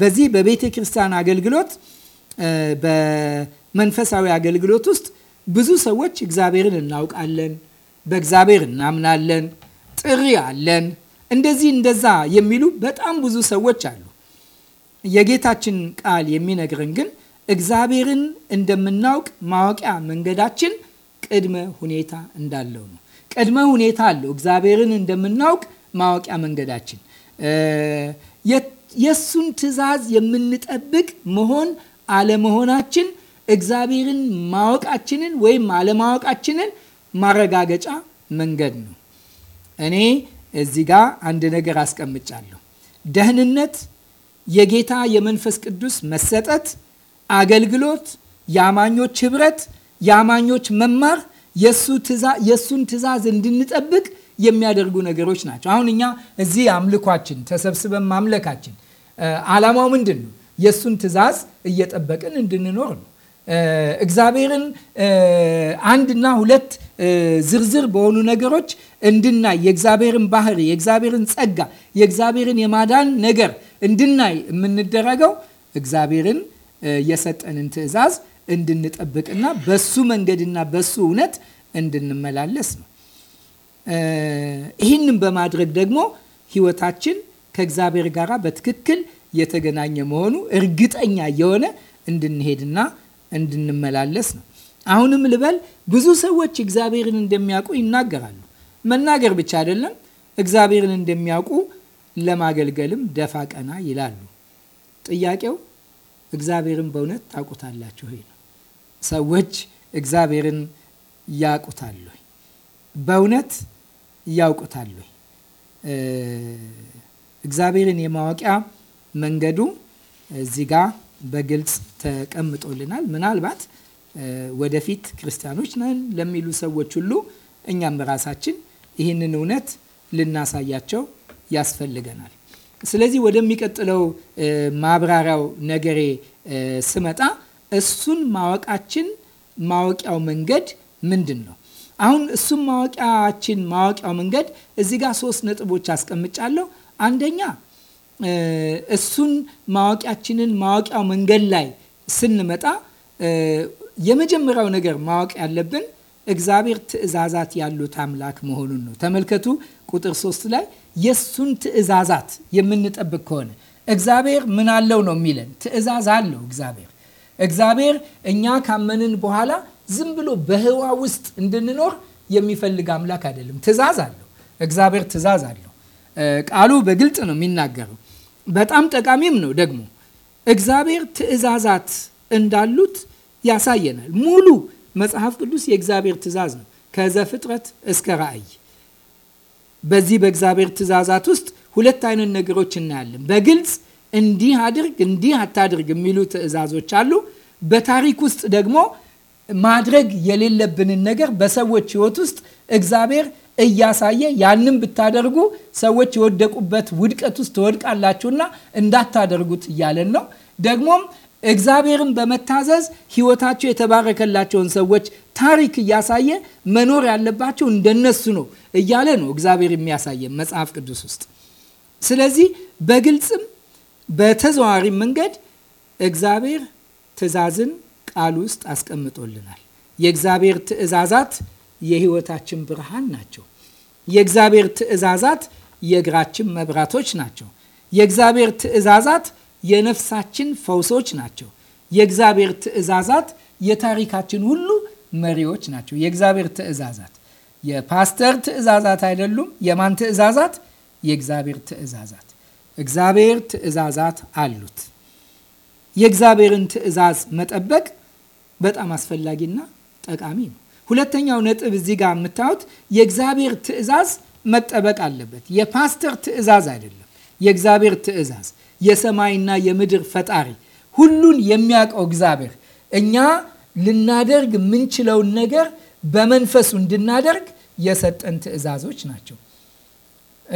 በዚህ በቤተ ክርስቲያን አገልግሎት፣ በመንፈሳዊ አገልግሎት ውስጥ ብዙ ሰዎች እግዚአብሔርን እናውቃለን፣ በእግዚአብሔር እናምናለን፣ ጥሪ አለን እንደዚህ እንደዛ የሚሉ በጣም ብዙ ሰዎች አሉ። የጌታችን ቃል የሚነግረን ግን እግዚአብሔርን እንደምናውቅ ማወቂያ መንገዳችን ቅድመ ሁኔታ እንዳለው ነው። ቅድመ ሁኔታ አለው። እግዚአብሔርን እንደምናውቅ ማወቂያ መንገዳችን የእሱን ትእዛዝ የምንጠብቅ መሆን አለመሆናችን እግዚአብሔርን ማወቃችንን ወይም አለማወቃችንን ማረጋገጫ መንገድ ነው። እኔ እዚህ ጋ አንድ ነገር አስቀምጫለሁ። ደህንነት፣ የጌታ የመንፈስ ቅዱስ መሰጠት፣ አገልግሎት፣ የአማኞች ህብረት፣ የአማኞች መማር የእሱን ትእዛዝ እንድንጠብቅ የሚያደርጉ ነገሮች ናቸው። አሁን እኛ እዚህ አምልኳችን ተሰብስበን ማምለካችን አላማው ምንድን ነው? የእሱን ትእዛዝ እየጠበቅን እንድንኖር ነው። እግዚአብሔርን አንድና ሁለት ዝርዝር በሆኑ ነገሮች እንድናይ የእግዚአብሔርን ባህሪ፣ የእግዚአብሔርን ጸጋ፣ የእግዚአብሔርን የማዳን ነገር እንድናይ የምንደረገው እግዚአብሔርን የሰጠንን ትእዛዝ እንድንጠብቅና በሱ መንገድና በሱ እውነት እንድንመላለስ ነው። ይህንም በማድረግ ደግሞ ህይወታችን ከእግዚአብሔር ጋር በትክክል የተገናኘ መሆኑ እርግጠኛ የሆነ እንድንሄድና እንድንመላለስ ነው። አሁንም ልበል ብዙ ሰዎች እግዚአብሔርን እንደሚያውቁ ይናገራሉ። መናገር ብቻ አይደለም፣ እግዚአብሔርን እንደሚያውቁ ለማገልገልም ደፋ ቀና ይላሉ። ጥያቄው እግዚአብሔርን በእውነት ታውቁታላችሁ ወይ ነው። ሰዎች እግዚአብሔርን ያውቁታል ወይ? በእውነት ያውቁታል ወይ? እግዚአብሔርን የማወቂያ መንገዱ እዚህ ጋር በግልጽ ተቀምጦልናል። ምናልባት ወደፊት ክርስቲያኖች ነን ለሚሉ ሰዎች ሁሉ እኛም ራሳችን ይህንን እውነት ልናሳያቸው ያስፈልገናል። ስለዚህ ወደሚቀጥለው ማብራሪያው ነገሬ ስመጣ እሱን ማወቃችን ማወቂያው መንገድ ምንድን ነው? አሁን እሱን ማወቂያችን ማወቂያው መንገድ እዚህ ጋር ሶስት ነጥቦች አስቀምጫለሁ። አንደኛ እሱን ማወቂያችንን ማወቂያው መንገድ ላይ ስንመጣ የመጀመሪያው ነገር ማወቅ ያለብን እግዚአብሔር ትእዛዛት ያሉት አምላክ መሆኑን ነው። ተመልከቱ ቁጥር ሶስት ላይ የእሱን ትእዛዛት የምንጠብቅ ከሆነ እግዚአብሔር ምን አለው ነው የሚለን። ትእዛዝ አለው እግዚአብሔር። እግዚአብሔር እኛ ካመንን በኋላ ዝም ብሎ በህዋ ውስጥ እንድንኖር የሚፈልግ አምላክ አይደለም። ትእዛዝ አለው እግዚአብሔር፣ ትእዛዝ አለው። ቃሉ በግልጽ ነው የሚናገረው በጣም ጠቃሚም ነው ደግሞ እግዚአብሔር ትእዛዛት እንዳሉት ያሳየናል። ሙሉ መጽሐፍ ቅዱስ የእግዚአብሔር ትእዛዝ ነው ከዘፍጥረት እስከ ራእይ። በዚህ በእግዚአብሔር ትእዛዛት ውስጥ ሁለት አይነት ነገሮች እናያለን። በግልጽ እንዲህ አድርግ፣ እንዲህ አታድርግ የሚሉ ትእዛዞች አሉ። በታሪክ ውስጥ ደግሞ ማድረግ የሌለብንን ነገር በሰዎች ሕይወት ውስጥ እግዚአብሔር እያሳየ ያንም ብታደርጉ ሰዎች የወደቁበት ውድቀት ውስጥ ትወድቃላችሁና እንዳታደርጉት እያለን ነው። ደግሞም እግዚአብሔርን በመታዘዝ ሕይወታቸው የተባረከላቸውን ሰዎች ታሪክ እያሳየ መኖር ያለባቸው እንደነሱ ነው እያለ ነው እግዚአብሔር የሚያሳየ መጽሐፍ ቅዱስ ውስጥ። ስለዚህ በግልጽም በተዘዋዋሪ መንገድ እግዚአብሔር ትእዛዝን ቃል ውስጥ አስቀምጦልናል። የእግዚአብሔር ትእዛዛት የህይወታችን ብርሃን ናቸው። የእግዚአብሔር ትእዛዛት የእግራችን መብራቶች ናቸው። የእግዚአብሔር ትእዛዛት የነፍሳችን ፈውሶች ናቸው። የእግዚአብሔር ትእዛዛት የታሪካችን ሁሉ መሪዎች ናቸው። የእግዚአብሔር ትእዛዛት የፓስተር ትእዛዛት አይደሉም። የማን ትእዛዛት? የእግዚአብሔር ትእዛዛት። እግዚአብሔር ትእዛዛት አሉት። የእግዚአብሔርን ትእዛዝ መጠበቅ በጣም አስፈላጊና ጠቃሚ ነው። ሁለተኛው ነጥብ እዚህ ጋር የምታዩት የእግዚአብሔር ትእዛዝ መጠበቅ አለበት። የፓስተር ትእዛዝ አይደለም። የእግዚአብሔር ትእዛዝ የሰማይና የምድር ፈጣሪ ሁሉን የሚያውቀው እግዚአብሔር እኛ ልናደርግ የምንችለውን ነገር በመንፈሱ እንድናደርግ የሰጠን ትእዛዞች ናቸው።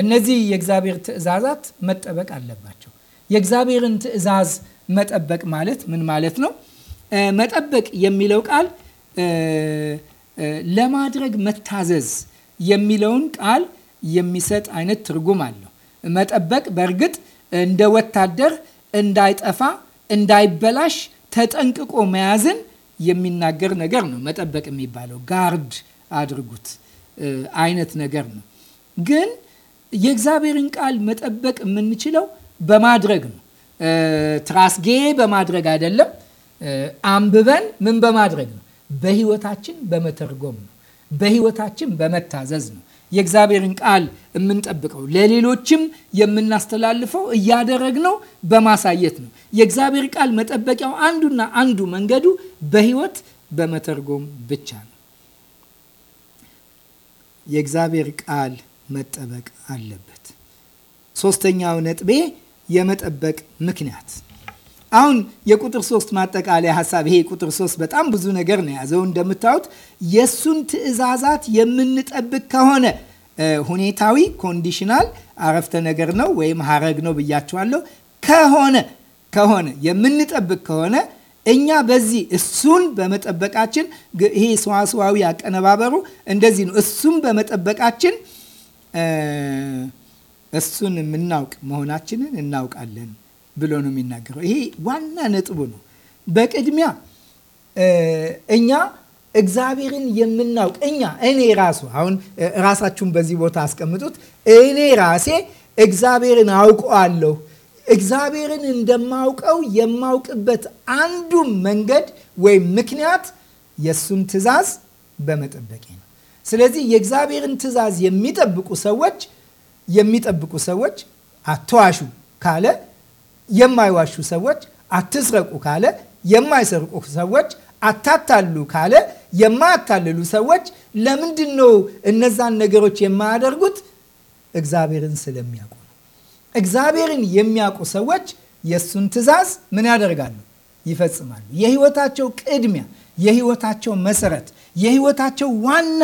እነዚህ የእግዚአብሔር ትእዛዛት መጠበቅ አለባቸው። የእግዚአብሔርን ትእዛዝ መጠበቅ ማለት ምን ማለት ነው? መጠበቅ የሚለው ቃል ለማድረግ መታዘዝ የሚለውን ቃል የሚሰጥ አይነት ትርጉም አለው። መጠበቅ በእርግጥ እንደ ወታደር እንዳይጠፋ፣ እንዳይበላሽ ተጠንቅቆ መያዝን የሚናገር ነገር ነው። መጠበቅ የሚባለው ጋርድ አድርጉት አይነት ነገር ነው። ግን የእግዚአብሔርን ቃል መጠበቅ የምንችለው በማድረግ ነው። ትራስጌ በማድረግ አይደለም። አንብበን ምን በማድረግ ነው በህይወታችን በመተርጎም ነው። በህይወታችን በመታዘዝ ነው የእግዚአብሔርን ቃል የምንጠብቀው ለሌሎችም የምናስተላልፈው እያደረግነው በማሳየት ነው። የእግዚአብሔር ቃል መጠበቂያው አንዱና አንዱ መንገዱ በህይወት በመተርጎም ብቻ ነው። የእግዚአብሔር ቃል መጠበቅ አለበት። ሶስተኛው ነጥቤ የመጠበቅ ምክንያት አሁን የቁጥር ሶስት ማጠቃለያ ሀሳብ ይሄ ቁጥር ሶስት በጣም ብዙ ነገር ነው የያዘው። እንደምታዩት የእሱን ትእዛዛት የምንጠብቅ ከሆነ ሁኔታዊ ኮንዲሽናል አረፍተ ነገር ነው ወይም ሀረግ ነው ብያቸዋለሁ። ከሆነ ከሆነ የምንጠብቅ ከሆነ እኛ በዚህ እሱን በመጠበቃችን ይሄ ሰዋስዋዊ አቀነባበሩ እንደዚህ ነው። እሱን በመጠበቃችን እሱን የምናውቅ መሆናችንን እናውቃለን ብሎ ነው የሚናገረው። ይሄ ዋና ነጥቡ ነው። በቅድሚያ እኛ እግዚአብሔርን የምናውቅ እኛ እኔ ራሱ አሁን ራሳችሁን በዚህ ቦታ አስቀምጡት። እኔ ራሴ እግዚአብሔርን አውቀዋለሁ። እግዚአብሔርን እንደማውቀው የማውቅበት አንዱ መንገድ ወይም ምክንያት የእሱን ትእዛዝ በመጠበቄ ነው። ስለዚህ የእግዚአብሔርን ትእዛዝ የሚጠብቁ ሰዎች የሚጠብቁ ሰዎች አተዋሹ ካለ የማይዋሹ ሰዎች አትስረቁ ካለ የማይሰርቁ ሰዎች አታታሉ ካለ የማያታልሉ ሰዎች ለምንድን ነው እነዛን ነገሮች የማያደርጉት? እግዚአብሔርን ስለሚያውቁ ነው። እግዚአብሔርን የሚያውቁ ሰዎች የእሱን ትእዛዝ ምን ያደርጋሉ? ይፈጽማሉ። የህይወታቸው ቅድሚያ፣ የህይወታቸው መሰረት፣ የህይወታቸው ዋና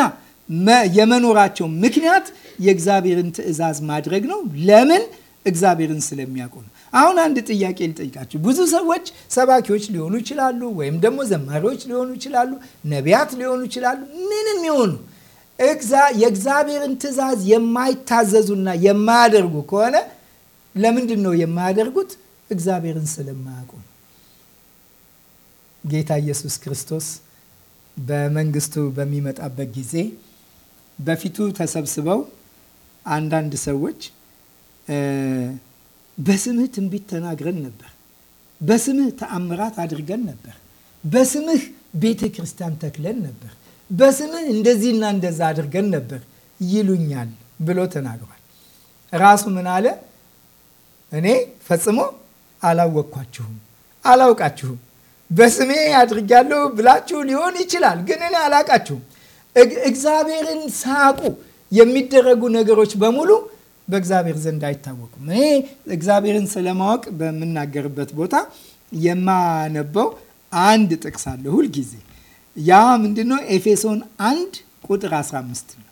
የመኖራቸው ምክንያት የእግዚአብሔርን ትእዛዝ ማድረግ ነው። ለምን? እግዚአብሔርን ስለሚያውቁ ነው። አሁን አንድ ጥያቄ ልጠይቃችሁ። ብዙ ሰዎች ሰባኪዎች ሊሆኑ ይችላሉ፣ ወይም ደግሞ ዘማሪዎች ሊሆኑ ይችላሉ፣ ነቢያት ሊሆኑ ይችላሉ። ምንም ይሆኑ የእግዚአብሔርን ትእዛዝ የማይታዘዙና የማያደርጉ ከሆነ ለምንድን ነው የማያደርጉት? እግዚአብሔርን ስለማያውቁ። ጌታ ኢየሱስ ክርስቶስ በመንግስቱ በሚመጣበት ጊዜ በፊቱ ተሰብስበው አንዳንድ ሰዎች በስምህ ትንቢት ተናግረን ነበር። በስምህ ተአምራት አድርገን ነበር። በስምህ ቤተ ክርስቲያን ተክለን ነበር። በስምህ እንደዚህና እንደዛ አድርገን ነበር ይሉኛል ብሎ ተናግሯል። ራሱ ምን አለ? እኔ ፈጽሞ አላወቅኳችሁም፣ አላውቃችሁም። በስሜ አድርጊያለሁ ብላችሁ ሊሆን ይችላል፣ ግን እኔ አላውቃችሁም። እግዚአብሔርን ሳቁ የሚደረጉ ነገሮች በሙሉ በእግዚአብሔር ዘንድ አይታወቁም። እኔ እግዚአብሔርን ስለማወቅ በምናገርበት ቦታ የማነበው አንድ ጥቅስ አለ ሁልጊዜ። ያ ምንድን ነው? ኤፌሶን 1 ቁጥር 15 ነው።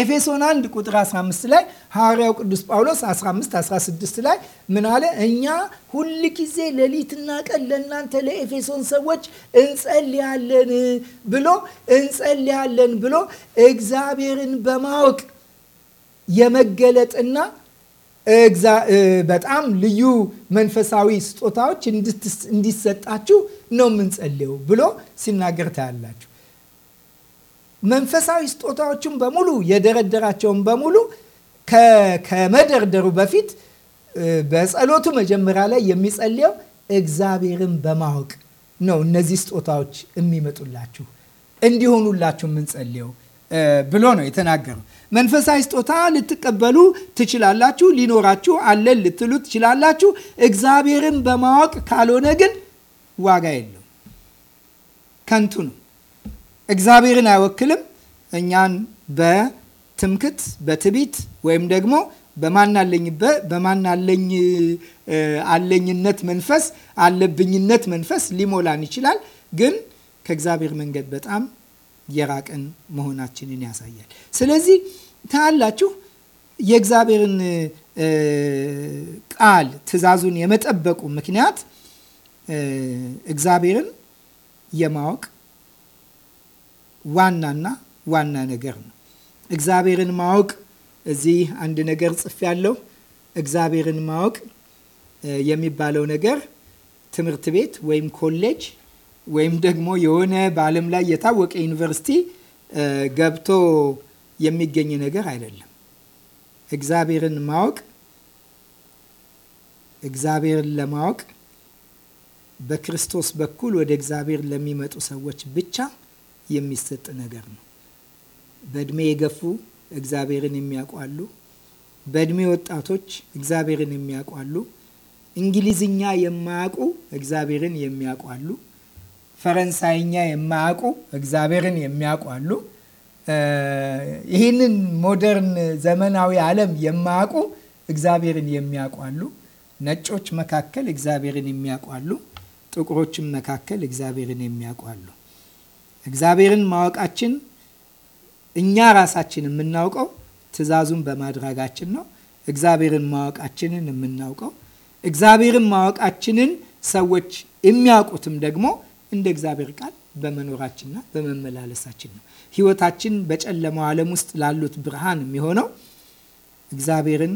ኤፌሶን 1 ቁጥር 15 ላይ ሐዋርያው ቅዱስ ጳውሎስ 15 16 ላይ ምን አለ? እኛ ሁል ጊዜ ሌሊትና ቀን ለእናንተ ለኤፌሶን ሰዎች እንጸልያለን ብሎ እንጸልያለን ብሎ እግዚአብሔርን በማወቅ የመገለጥና በጣም ልዩ መንፈሳዊ ስጦታዎች እንዲሰጣችሁ ነው የምንጸልየው ብሎ ሲናገር ታያላችሁ። መንፈሳዊ ስጦታዎችን በሙሉ የደረደራቸውን በሙሉ ከመደርደሩ በፊት በጸሎቱ መጀመሪያ ላይ የሚጸልየው እግዚአብሔርን በማወቅ ነው። እነዚህ ስጦታዎች የሚመጡላችሁ እንዲሆኑላችሁ የምንጸልየው ብሎ ነው የተናገረው። መንፈሳዊ ስጦታ ልትቀበሉ ትችላላችሁ፣ ሊኖራችሁ አለን ልትሉ ትችላላችሁ። እግዚአብሔርን በማወቅ ካልሆነ ግን ዋጋ የለው፣ ከንቱ ነው። እግዚአብሔርን አይወክልም። እኛን በትምክት በትቢት ወይም ደግሞ በማናለኝ አለኝነት መንፈስ አለብኝነት መንፈስ ሊሞላን ይችላል ግን ከእግዚአብሔር መንገድ በጣም የራቅን መሆናችንን ያሳያል። ስለዚህ ታያላችሁ የእግዚአብሔርን ቃል ትእዛዙን የመጠበቁ ምክንያት እግዚአብሔርን የማወቅ ዋናና ዋና ነገር ነው። እግዚአብሔርን ማወቅ እዚህ አንድ ነገር ጽፍ ያለው እግዚአብሔርን ማወቅ የሚባለው ነገር ትምህርት ቤት ወይም ኮሌጅ ወይም ደግሞ የሆነ በዓለም ላይ የታወቀ ዩኒቨርሲቲ ገብቶ የሚገኝ ነገር አይደለም። እግዚአብሔርን ማወቅ እግዚአብሔርን ለማወቅ በክርስቶስ በኩል ወደ እግዚአብሔር ለሚመጡ ሰዎች ብቻ የሚሰጥ ነገር ነው። በእድሜ የገፉ እግዚአብሔርን የሚያውቋሉ። በእድሜ ወጣቶች እግዚአብሔርን የሚያውቋሉ። እንግሊዝኛ የማያውቁ እግዚአብሔርን የሚያውቋሉ። ፈረንሳይኛ የማያውቁ እግዚአብሔርን የሚያውቋሉ። ይህንን ሞደርን ዘመናዊ ዓለም የማያውቁ እግዚአብሔርን የሚያውቁ አሉ። ነጮች መካከል እግዚአብሔርን የሚያውቁ አሉ። ጥቁሮችም መካከል እግዚአብሔርን የሚያውቁ አሉ። እግዚአብሔርን ማወቃችን እኛ ራሳችን የምናውቀው ትእዛዙን በማድረጋችን ነው። እግዚአብሔርን ማወቃችንን የምናውቀው እግዚአብሔርን ማወቃችንን ሰዎች የሚያውቁትም ደግሞ እንደ እግዚአብሔር ቃል በመኖራችንና በመመላለሳችን ነው። ህይወታችን በጨለማው ዓለም ውስጥ ላሉት ብርሃን የሚሆነው እግዚአብሔርን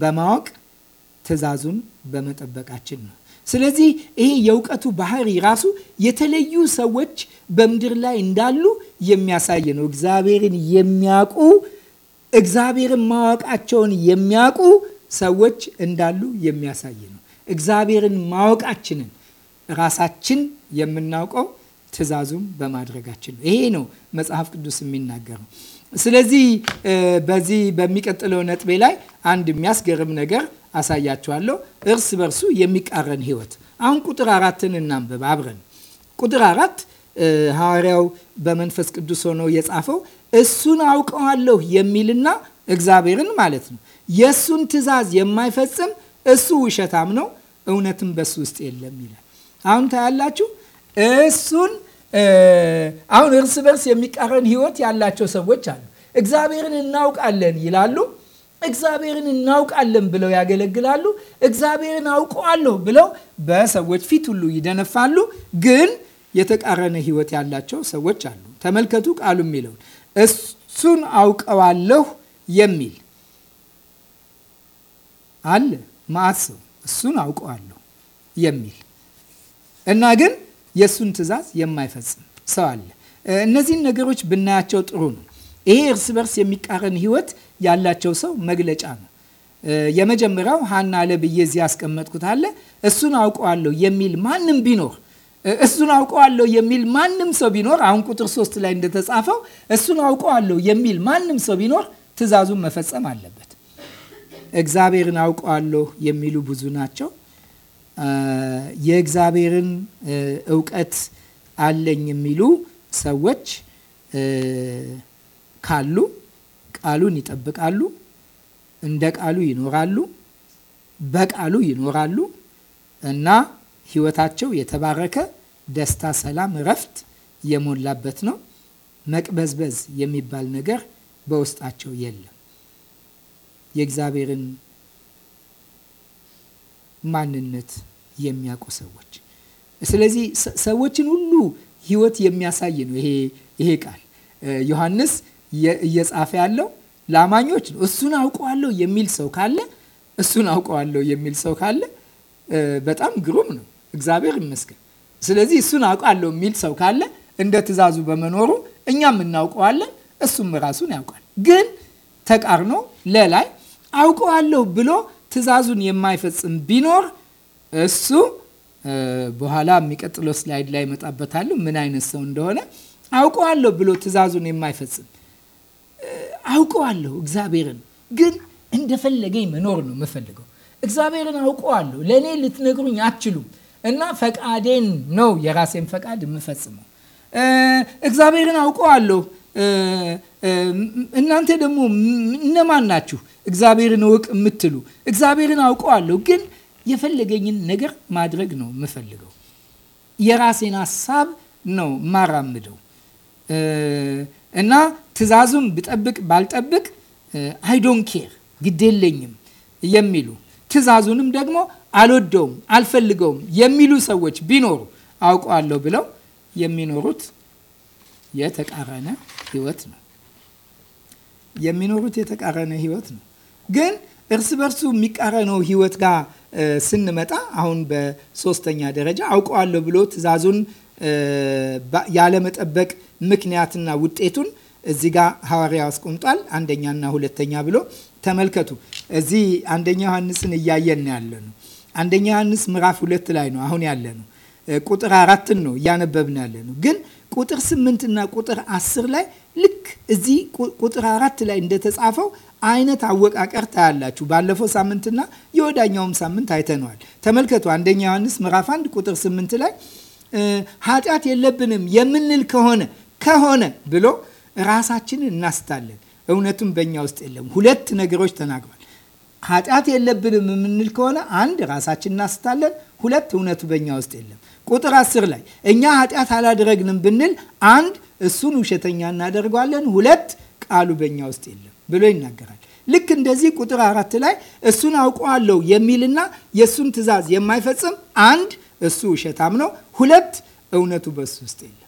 በማወቅ ትእዛዙን በመጠበቃችን ነው። ስለዚህ ይሄ የእውቀቱ ባህሪ ራሱ የተለዩ ሰዎች በምድር ላይ እንዳሉ የሚያሳይ ነው። እግዚአብሔርን የሚያውቁ እግዚአብሔርን ማወቃቸውን የሚያውቁ ሰዎች እንዳሉ የሚያሳይ ነው። እግዚአብሔርን ማወቃችንን ራሳችን የምናውቀው ትእዛዙም በማድረጋችን ነው። ይሄ ነው መጽሐፍ ቅዱስ የሚናገረው። ስለዚህ በዚህ በሚቀጥለው ነጥቤ ላይ አንድ የሚያስገርም ነገር አሳያችኋለሁ። እርስ በርሱ የሚቃረን ህይወት። አሁን ቁጥር አራትን እናንብብ አብረን። ቁጥር አራት ሐዋርያው በመንፈስ ቅዱስ ሆኖ የጻፈው እሱን አውቀዋለሁ የሚልና እግዚአብሔርን ማለት ነው የእሱን ትእዛዝ የማይፈጽም እሱ ውሸታም ነው፣ እውነትም በሱ ውስጥ የለም ይላል። አሁን ታያላችሁ እሱን አሁን እርስ በርስ የሚቃረን ህይወት ያላቸው ሰዎች አሉ። እግዚአብሔርን እናውቃለን ይላሉ። እግዚአብሔርን እናውቃለን ብለው ያገለግላሉ። እግዚአብሔርን አውቀዋለሁ ብለው በሰዎች ፊት ሁሉ ይደነፋሉ። ግን የተቃረነ ህይወት ያላቸው ሰዎች አሉ። ተመልከቱ ቃሉ የሚለውን እሱን አውቀዋለሁ የሚል አለ። ማአት ሰው እሱን አውቀዋለሁ የሚል እና ግን የእሱን ትእዛዝ የማይፈጽም ሰው አለ። እነዚህን ነገሮች ብናያቸው ጥሩ ነው። ይሄ እርስ በርስ የሚቃረን ህይወት ያላቸው ሰው መግለጫ ነው። የመጀመሪያው ሀና ለብዬ እዚህ ያስቀመጥኩት አለ እሱን አውቀዋለሁ የሚል ማንም ቢኖር እሱን አውቀዋለሁ የሚል ማንም ሰው ቢኖር አሁን ቁጥር ሶስት ላይ እንደተጻፈው እሱን አውቀዋለሁ የሚል ማንም ሰው ቢኖር ትእዛዙን መፈጸም አለበት። እግዚአብሔርን አውቀዋለሁ የሚሉ ብዙ ናቸው። የእግዚአብሔርን እውቀት አለኝ የሚሉ ሰዎች ካሉ ቃሉን ይጠብቃሉ፣ እንደ ቃሉ ይኖራሉ፣ በቃሉ ይኖራሉ እና ህይወታቸው የተባረከ ደስታ፣ ሰላም፣ እረፍት የሞላበት ነው። መቅበዝበዝ የሚባል ነገር በውስጣቸው የለም። የእግዚአብሔርን ማንነት የሚያውቁ ሰዎች። ስለዚህ ሰዎችን ሁሉ ህይወት የሚያሳይ ነው ይሄ ቃል። ዮሐንስ እየጻፈ ያለው ለአማኞች ነው። እሱን አውቀዋለሁ የሚል ሰው ካለ እሱን አውቀዋለሁ የሚል ሰው ካለ በጣም ግሩም ነው። እግዚአብሔር ይመስገን። ስለዚህ እሱን አውቃለሁ የሚል ሰው ካለ እንደ ትእዛዙ በመኖሩ እኛም እናውቀዋለን፣ እሱም ራሱን ያውቃል። ግን ተቃርኖ ለላይ አውቀዋለሁ ብሎ ትእዛዙን የማይፈጽም ቢኖር እሱ በኋላ የሚቀጥለው ስላይድ ላይ እመጣበታለሁ ምን አይነት ሰው እንደሆነ አውቀዋለሁ ብሎ ትእዛዙን የማይፈጽም አውቀዋለሁ እግዚአብሔርን ግን እንደፈለገኝ መኖር ነው የምፈልገው እግዚአብሔርን አውቀዋለሁ ለእኔ ልትነግሩኝ አትችሉም እና ፈቃዴን ነው የራሴን ፈቃድ የምፈጽመው እግዚአብሔርን አውቀዋለሁ እናንተ ደግሞ እነማን ናችሁ? እግዚአብሔርን እወቅ የምትሉ እግዚአብሔርን አውቀዋለሁ፣ ግን የፈለገኝን ነገር ማድረግ ነው የምፈልገው። የራሴን ሀሳብ ነው ማራምደው እና ትእዛዙን ብጠብቅ ባልጠብቅ አይዶን ኬር ግዴለኝም የሚሉ ትእዛዙንም ደግሞ አልወደውም አልፈልገውም የሚሉ ሰዎች ቢኖሩ አውቀዋለሁ ብለው የሚኖሩት የተቃረነ ህይወት ነው። የሚኖሩት የተቃረነ ህይወት ነው። ግን እርስ በርሱ የሚቃረነው ህይወት ጋር ስንመጣ አሁን በሶስተኛ ደረጃ አውቀዋለሁ ብሎ ትእዛዙን ያለመጠበቅ ምክንያትና ውጤቱን እዚህ ጋር ሐዋርያ አስቆምጧል። አንደኛና ሁለተኛ ብሎ ተመልከቱ። እዚህ አንደኛ ዮሐንስን እያየን ያለ ነው። አንደኛ ዮሐንስ ምዕራፍ ሁለት ላይ ነው አሁን ያለ ነው። ቁጥር አራትን ነው እያነበብን ያለ ነው። ግን ቁጥር ስምንት እና ቁጥር አስር ላይ ልክ እዚህ ቁጥር አራት ላይ እንደተጻፈው አይነት አወቃቀር ታያላችሁ። ባለፈው ሳምንትና የወዳኛውም ሳምንት አይተነዋል። ተመልከቱ። አንደኛ ዮሐንስ ምዕራፍ አንድ ቁጥር ስምንት ላይ ኃጢአት የለብንም የምንል ከሆነ ከሆነ ብሎ ራሳችንን እናስታለን፣ እውነቱም በእኛ ውስጥ የለም። ሁለት ነገሮች ተናግሯል። ኃጢአት የለብንም የምንል ከሆነ አንድ ራሳችን እናስታለን፣ ሁለት እውነቱ በእኛ ውስጥ የለም። ቁጥር አስር ላይ እኛ ኃጢአት አላደረግንም ብንል አንድ እሱን ውሸተኛ እናደርገዋለን፣ ሁለት ቃሉ በእኛ ውስጥ የለም ብሎ ይናገራል። ልክ እንደዚህ ቁጥር አራት ላይ እሱን አውቀዋለሁ የሚልና የእሱን ትእዛዝ የማይፈጽም አንድ እሱ ውሸታም ነው፣ ሁለት እውነቱ በሱ ውስጥ የለም።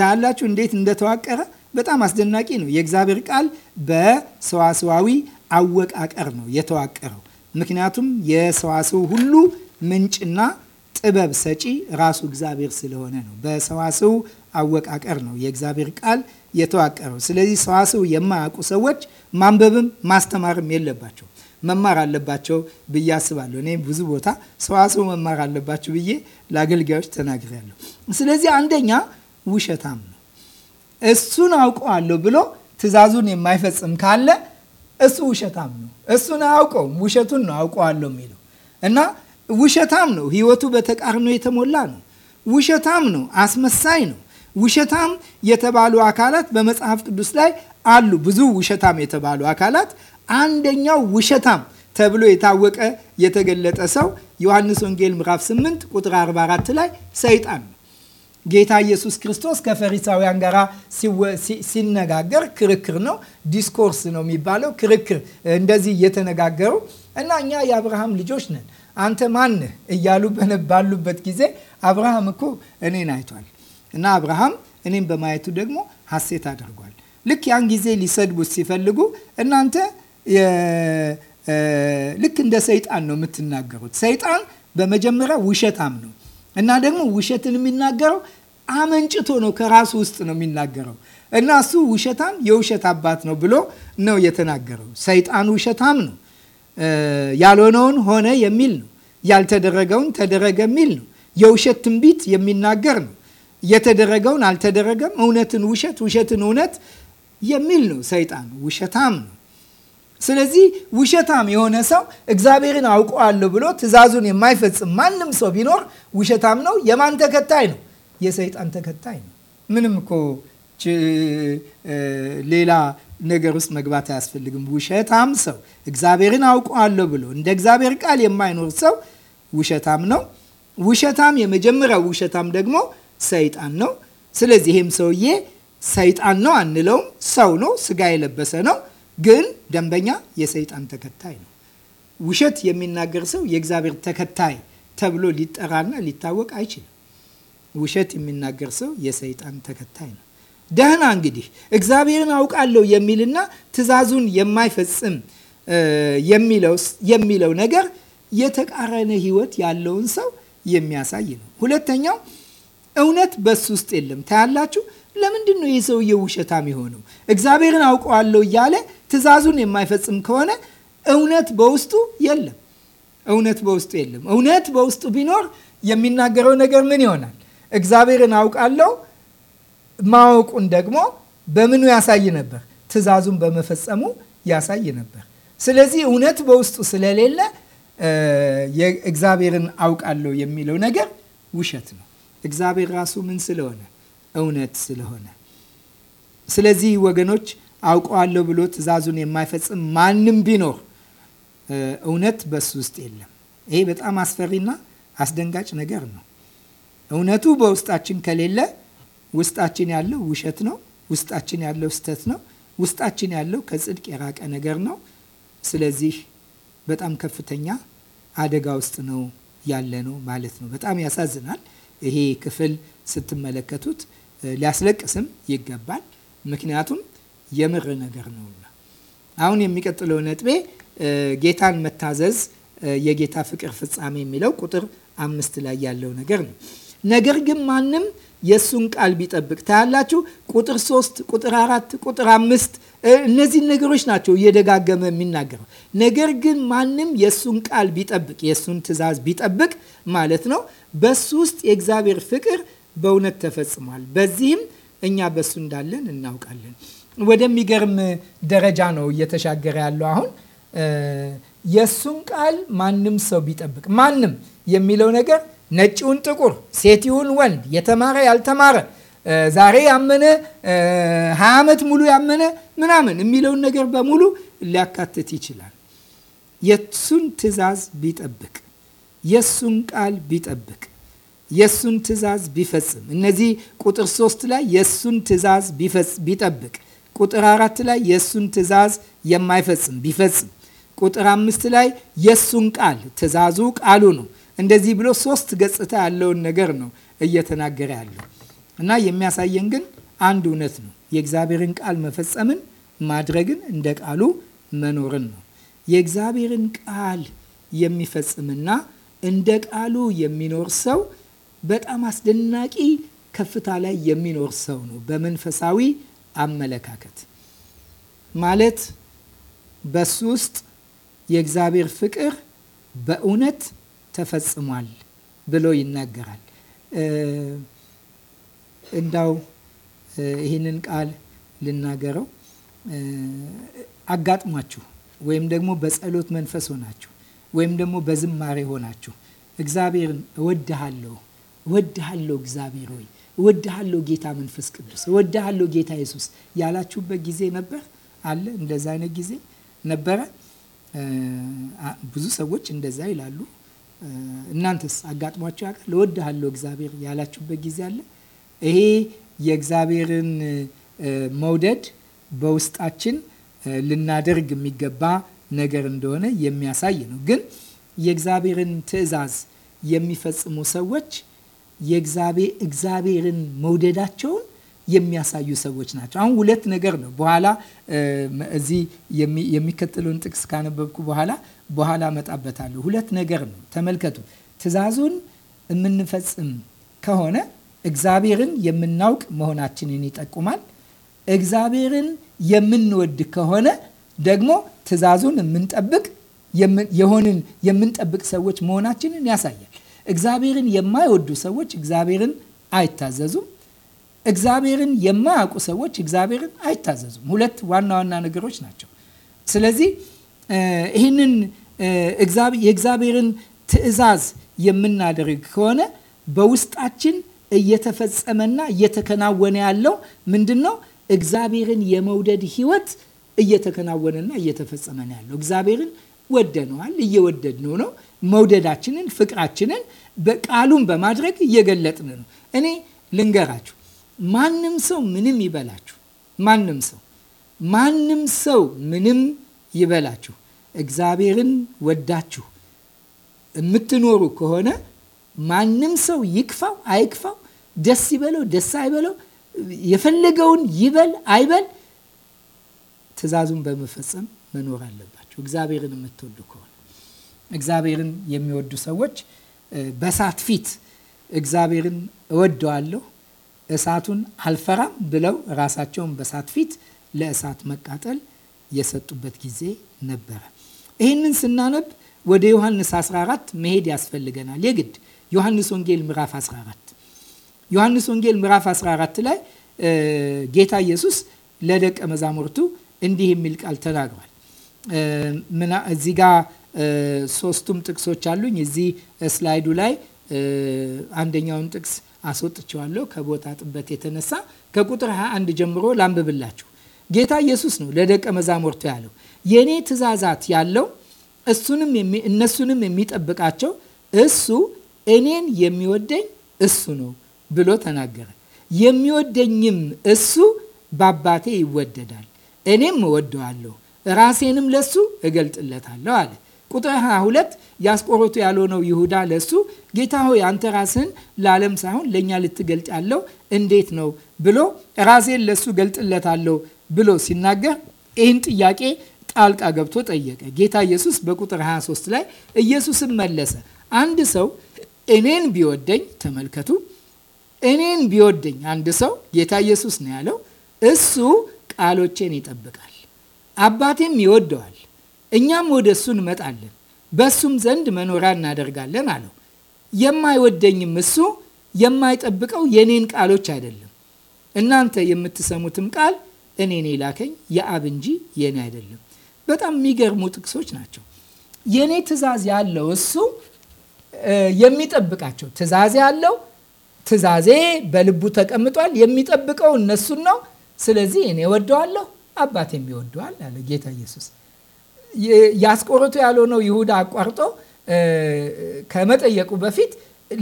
ታያላችሁ እንዴት እንደተዋቀረ በጣም አስደናቂ ነው። የእግዚአብሔር ቃል በሰዋስዋዊ አወቃቀር ነው የተዋቀረው። ምክንያቱም የሰዋስው ሁሉ ምንጭና ጥበብ ሰጪ ራሱ እግዚአብሔር ስለሆነ ነው። በሰዋስው አወቃቀር ነው የእግዚአብሔር ቃል የተዋቀረው። ስለዚህ ሰዋስው የማያውቁ ሰዎች ማንበብም ማስተማርም የለባቸው መማር አለባቸው ብዬ አስባለሁ። እኔ ብዙ ቦታ ሰዋስው መማር አለባቸው ብዬ ለአገልጋዮች ተናግሬያለሁ። ስለዚህ አንደኛ ውሸታም ነው። እሱን አውቀዋለሁ ብሎ ትእዛዙን የማይፈጽም ካለ እሱ ውሸታም ነው። እሱን አያውቀውም፣ ውሸቱን ነው አውቀዋለሁ የሚለው እና ውሸታም ነው። ህይወቱ በተቃርኖ የተሞላ ነው። ውሸታም ነው። አስመሳይ ነው። ውሸታም የተባሉ አካላት በመጽሐፍ ቅዱስ ላይ አሉ። ብዙ ውሸታም የተባሉ አካላት አንደኛው ውሸታም ተብሎ የታወቀ የተገለጠ ሰው ዮሐንስ ወንጌል ምዕራፍ 8 ቁጥር 44 ላይ ሰይጣን ነው። ጌታ ኢየሱስ ክርስቶስ ከፈሪሳውያን ጋር ሲነጋገር ክርክር ነው፣ ዲስኮርስ ነው የሚባለው ክርክር እንደዚህ እየተነጋገሩ እና እኛ የአብርሃም ልጆች ነን አንተ ማንህ እያሉ ባሉበት ጊዜ አብርሃም እኮ እኔን አይቷል እና አብርሃም እኔም በማየቱ ደግሞ ሐሴት አድርጓል። ልክ ያን ጊዜ ሊሰድቡት ሲፈልጉ እናንተ ልክ እንደ ሰይጣን ነው የምትናገሩት። ሰይጣን በመጀመሪያ ውሸታም ነው እና ደግሞ ውሸትን የሚናገረው አመንጭቶ ነው፣ ከራሱ ውስጥ ነው የሚናገረው እና እሱ ውሸታም የውሸት አባት ነው ብሎ ነው የተናገረው። ሰይጣን ውሸታም ነው ያልሆነውን ሆነ የሚል ነው። ያልተደረገውን ተደረገ የሚል ነው። የውሸት ትንቢት የሚናገር ነው። የተደረገውን አልተደረገም፣ እውነትን ውሸት፣ ውሸትን እውነት የሚል ነው። ሰይጣን ውሸታም ነው። ስለዚህ ውሸታም የሆነ ሰው እግዚአብሔርን አውቀዋለሁ ብሎ ትእዛዙን የማይፈጽም ማንም ሰው ቢኖር ውሸታም ነው። የማን ተከታይ ነው? የሰይጣን ተከታይ ነው። ምንም እኮ ሌላ ነገር ውስጥ መግባት አያስፈልግም። ውሸታም ሰው እግዚአብሔርን አውቀዋለሁ ብሎ እንደ እግዚአብሔር ቃል የማይኖር ሰው ውሸታም ነው። ውሸታም የመጀመሪያው ውሸታም ደግሞ ሰይጣን ነው። ስለዚህ ይህም ሰውዬ ሰይጣን ነው አንለውም። ሰው ነው፣ ስጋ የለበሰ ነው። ግን ደንበኛ የሰይጣን ተከታይ ነው። ውሸት የሚናገር ሰው የእግዚአብሔር ተከታይ ተብሎ ሊጠራና ሊታወቅ አይችልም። ውሸት የሚናገር ሰው የሰይጣን ተከታይ ነው። ደህና እንግዲህ እግዚአብሔርን አውቃለሁ የሚልና ትእዛዙን የማይፈጽም የሚለው ነገር የተቃረነ ህይወት ያለውን ሰው የሚያሳይ ነው። ሁለተኛው እውነት በሱ ውስጥ የለም። ታያላችሁ። ለምንድን ነው ይህ ሰውዬ ውሸታም የሆነው? እግዚአብሔርን አውቀዋለሁ እያለ ትእዛዙን የማይፈጽም ከሆነ እውነት በውስጡ የለም። እውነት በውስጡ የለም። እውነት በውስጡ ቢኖር የሚናገረው ነገር ምን ይሆናል? እግዚአብሔርን አውቃለሁ ማወቁን ደግሞ በምኑ ያሳይ ነበር? ትእዛዙን በመፈጸሙ ያሳይ ነበር። ስለዚህ እውነት በውስጡ ስለሌለ የእግዚአብሔርን አውቃለሁ የሚለው ነገር ውሸት ነው። እግዚአብሔር ራሱ ምን ስለሆነ? እውነት ስለሆነ። ስለዚህ ወገኖች አውቀዋለሁ ብሎ ትእዛዙን የማይፈጽም ማንም ቢኖር እውነት በሱ ውስጥ የለም። ይሄ በጣም አስፈሪና አስደንጋጭ ነገር ነው። እውነቱ በውስጣችን ከሌለ ውስጣችን ያለው ውሸት ነው። ውስጣችን ያለው ስተት ነው። ውስጣችን ያለው ከጽድቅ የራቀ ነገር ነው። ስለዚህ በጣም ከፍተኛ አደጋ ውስጥ ነው ያለ ነው ማለት ነው። በጣም ያሳዝናል። ይሄ ክፍል ስትመለከቱት ሊያስለቅስም ይገባል። ምክንያቱም የምር ነገር ነውና። አሁን የሚቀጥለው ነጥቤ ጌታን መታዘዝ የጌታ ፍቅር ፍጻሜ የሚለው ቁጥር አምስት ላይ ያለው ነገር ነው። ነገር ግን ማንም የእሱን ቃል ቢጠብቅ ታያላችሁ። ቁጥር ሶስት ቁጥር አራት ቁጥር አምስት እነዚህን ነገሮች ናቸው እየደጋገመ የሚናገረው። ነገር ግን ማንም የእሱን ቃል ቢጠብቅ የእሱን ትእዛዝ ቢጠብቅ ማለት ነው በሱ ውስጥ የእግዚአብሔር ፍቅር በእውነት ተፈጽሟል። በዚህም እኛ በሱ እንዳለን እናውቃለን። ወደሚገርም ደረጃ ነው እየተሻገረ ያለው አሁን የእሱን ቃል ማንም ሰው ቢጠብቅ ማንም የሚለው ነገር ነጭውን ጥቁር፣ ሴትውን ወንድ፣ የተማረ ያልተማረ፣ ዛሬ ያመነ ሀያ ዓመት ሙሉ ያመነ ምናምን የሚለውን ነገር በሙሉ ሊያካትት ይችላል። የሱን ትእዛዝ ቢጠብቅ፣ የሱን ቃል ቢጠብቅ፣ የሱን ትእዛዝ ቢፈጽም እነዚህ ቁጥር ሶስት ላይ የሱን ትእዛዝ ቢጠብቅ ቁጥር አራት ላይ የእሱን ትእዛዝ የማይፈጽም ቢፈጽም ቁጥር አምስት ላይ የእሱን ቃል ትእዛዙ ቃሉ ነው እንደዚህ ብሎ ሶስት ገጽታ ያለውን ነገር ነው እየተናገረ ያለው እና የሚያሳየን ግን አንድ እውነት ነው። የእግዚአብሔርን ቃል መፈጸምን ማድረግን እንደ ቃሉ መኖርን ነው። የእግዚአብሔርን ቃል የሚፈጽምና እንደ ቃሉ የሚኖር ሰው በጣም አስደናቂ ከፍታ ላይ የሚኖር ሰው ነው። በመንፈሳዊ አመለካከት ማለት በሱ ውስጥ የእግዚአብሔር ፍቅር በእውነት ተፈጽሟል ብሎ ይናገራል። እንዳው ይህንን ቃል ልናገረው አጋጥሟችሁ ወይም ደግሞ በጸሎት መንፈስ ሆናችሁ ወይም ደግሞ በዝማሬ ሆናችሁ እግዚአብሔርን እወድሃለሁ እወድሃለሁ እግዚአብሔር ሆይ እወድሃለሁ ጌታ መንፈስ ቅዱስ እወድሃለሁ ጌታ ኢየሱስ ያላችሁበት ጊዜ ነበር አለ። እንደዛ አይነት ጊዜ ነበረ። ብዙ ሰዎች እንደዛ ይላሉ። እናንተስ አጋጥሟቸው ያውቃል? እወድሃለሁ እግዚአብሔር ያላችሁበት ጊዜ አለ? ይሄ የእግዚአብሔርን መውደድ በውስጣችን ልናደርግ የሚገባ ነገር እንደሆነ የሚያሳይ ነው። ግን የእግዚአብሔርን ትእዛዝ የሚፈጽሙ ሰዎች የእግዚአብሔርን መውደዳቸውን የሚያሳዩ ሰዎች ናቸው። አሁን ሁለት ነገር ነው። በኋላ እዚህ የሚከተለውን ጥቅስ ካነበብኩ በኋላ በኋላ መጣበታለሁ። ሁለት ነገር ነው። ተመልከቱ። ትእዛዙን የምንፈጽም ከሆነ እግዚአብሔርን የምናውቅ መሆናችንን ይጠቁማል። እግዚአብሔርን የምንወድ ከሆነ ደግሞ ትእዛዙን የምንጠብቅ የሆንን የምንጠብቅ ሰዎች መሆናችንን ያሳያል። እግዚአብሔርን የማይወዱ ሰዎች እግዚአብሔርን አይታዘዙም እግዚአብሔርን የማያውቁ ሰዎች እግዚአብሔርን አይታዘዙም። ሁለት ዋና ዋና ነገሮች ናቸው። ስለዚህ ይህንን የእግዚአብሔርን ትእዛዝ የምናደርግ ከሆነ በውስጣችን እየተፈጸመና እየተከናወነ ያለው ምንድን ነው? እግዚአብሔርን የመውደድ ህይወት እየተከናወነና እየተፈጸመ ነው ያለው። እግዚአብሔርን ወደነዋል፣ እየወደድነው ነው። መውደዳችንን፣ ፍቅራችንን በቃሉን በማድረግ እየገለጥን ነው። እኔ ልንገራችሁ ማንም ሰው ምንም ይበላችሁ፣ ማንም ሰው ማንም ሰው ምንም ይበላችሁ፣ እግዚአብሔርን ወዳችሁ የምትኖሩ ከሆነ ማንም ሰው ይክፋው አይክፋው፣ ደስ ይበለው ደስ አይበለው፣ የፈለገውን ይበል አይበል፣ ትእዛዙን በመፈጸም መኖር አለባቸው። እግዚአብሔርን የምትወዱ ከሆነ እግዚአብሔርን የሚወዱ ሰዎች በሳት ፊት እግዚአብሔርን እወደዋለሁ እሳቱን አልፈራም ብለው ራሳቸውን በእሳት ፊት ለእሳት መቃጠል የሰጡበት ጊዜ ነበረ። ይህንን ስናነብ ወደ ዮሐንስ 14 መሄድ ያስፈልገናል የግድ ዮሐንስ ወንጌል ምዕራፍ 14 ዮሐንስ ወንጌል ምዕራፍ 14 ላይ ጌታ ኢየሱስ ለደቀ መዛሙርቱ እንዲህ የሚል ቃል ተናግሯል። እዚህ ጋ ሶስቱም ጥቅሶች አሉኝ። እዚህ ስላይዱ ላይ አንደኛውን ጥቅስ አስወጥቸዋለሁ ከቦታ ጥበት የተነሳ ከቁጥር 21 ጀምሮ ላንብብላችሁ። ጌታ ኢየሱስ ነው ለደቀ መዛሙርቱ ያለው የእኔ ትእዛዛት ያለው እነሱንም የሚጠብቃቸው እሱ እኔን የሚወደኝ እሱ ነው ብሎ ተናገረ። የሚወደኝም እሱ በአባቴ ይወደዳል፣ እኔም እወደዋለሁ፣ ራሴንም ለሱ እገልጥለታለሁ አለ። ቁጥር 22 ያስቆሮቱ ያልሆነው ይሁዳ ለሱ ጌታ ሆይ አንተ ራስህን ለዓለም ሳይሆን ለእኛ ልትገልጥ ያለው እንዴት ነው ብሎ ራሴን ለሱ ገልጥለታለሁ ብሎ ሲናገር ይህን ጥያቄ ጣልቃ ገብቶ ጠየቀ። ጌታ ኢየሱስ በቁጥር 23 ላይ ኢየሱስም መለሰ፣ አንድ ሰው እኔን ቢወደኝ፣ ተመልከቱ፣ እኔን ቢወደኝ አንድ ሰው ጌታ ኢየሱስ ነው ያለው፣ እሱ ቃሎቼን ይጠብቃል፣ አባቴም ይወደዋል እኛም ወደ እሱ እንመጣለን፣ በእሱም ዘንድ መኖሪያ እናደርጋለን አለው። የማይወደኝም እሱ የማይጠብቀው የኔን ቃሎች አይደለም። እናንተ የምትሰሙትም ቃል እኔን የላከኝ የአብ እንጂ የኔ አይደለም። በጣም የሚገርሙ ጥቅሶች ናቸው። የኔ ትእዛዝ ያለው እሱ የሚጠብቃቸው ትእዛዜ ያለው ትእዛዜ በልቡ ተቀምጧል። የሚጠብቀው እነሱን ነው። ስለዚህ እኔ ወደዋለሁ፣ አባቴም ይወደዋል አለ ጌታ ኢየሱስ። ያስቆረቱ ያልሆነው ይሁዳ አቋርጦ ከመጠየቁ በፊት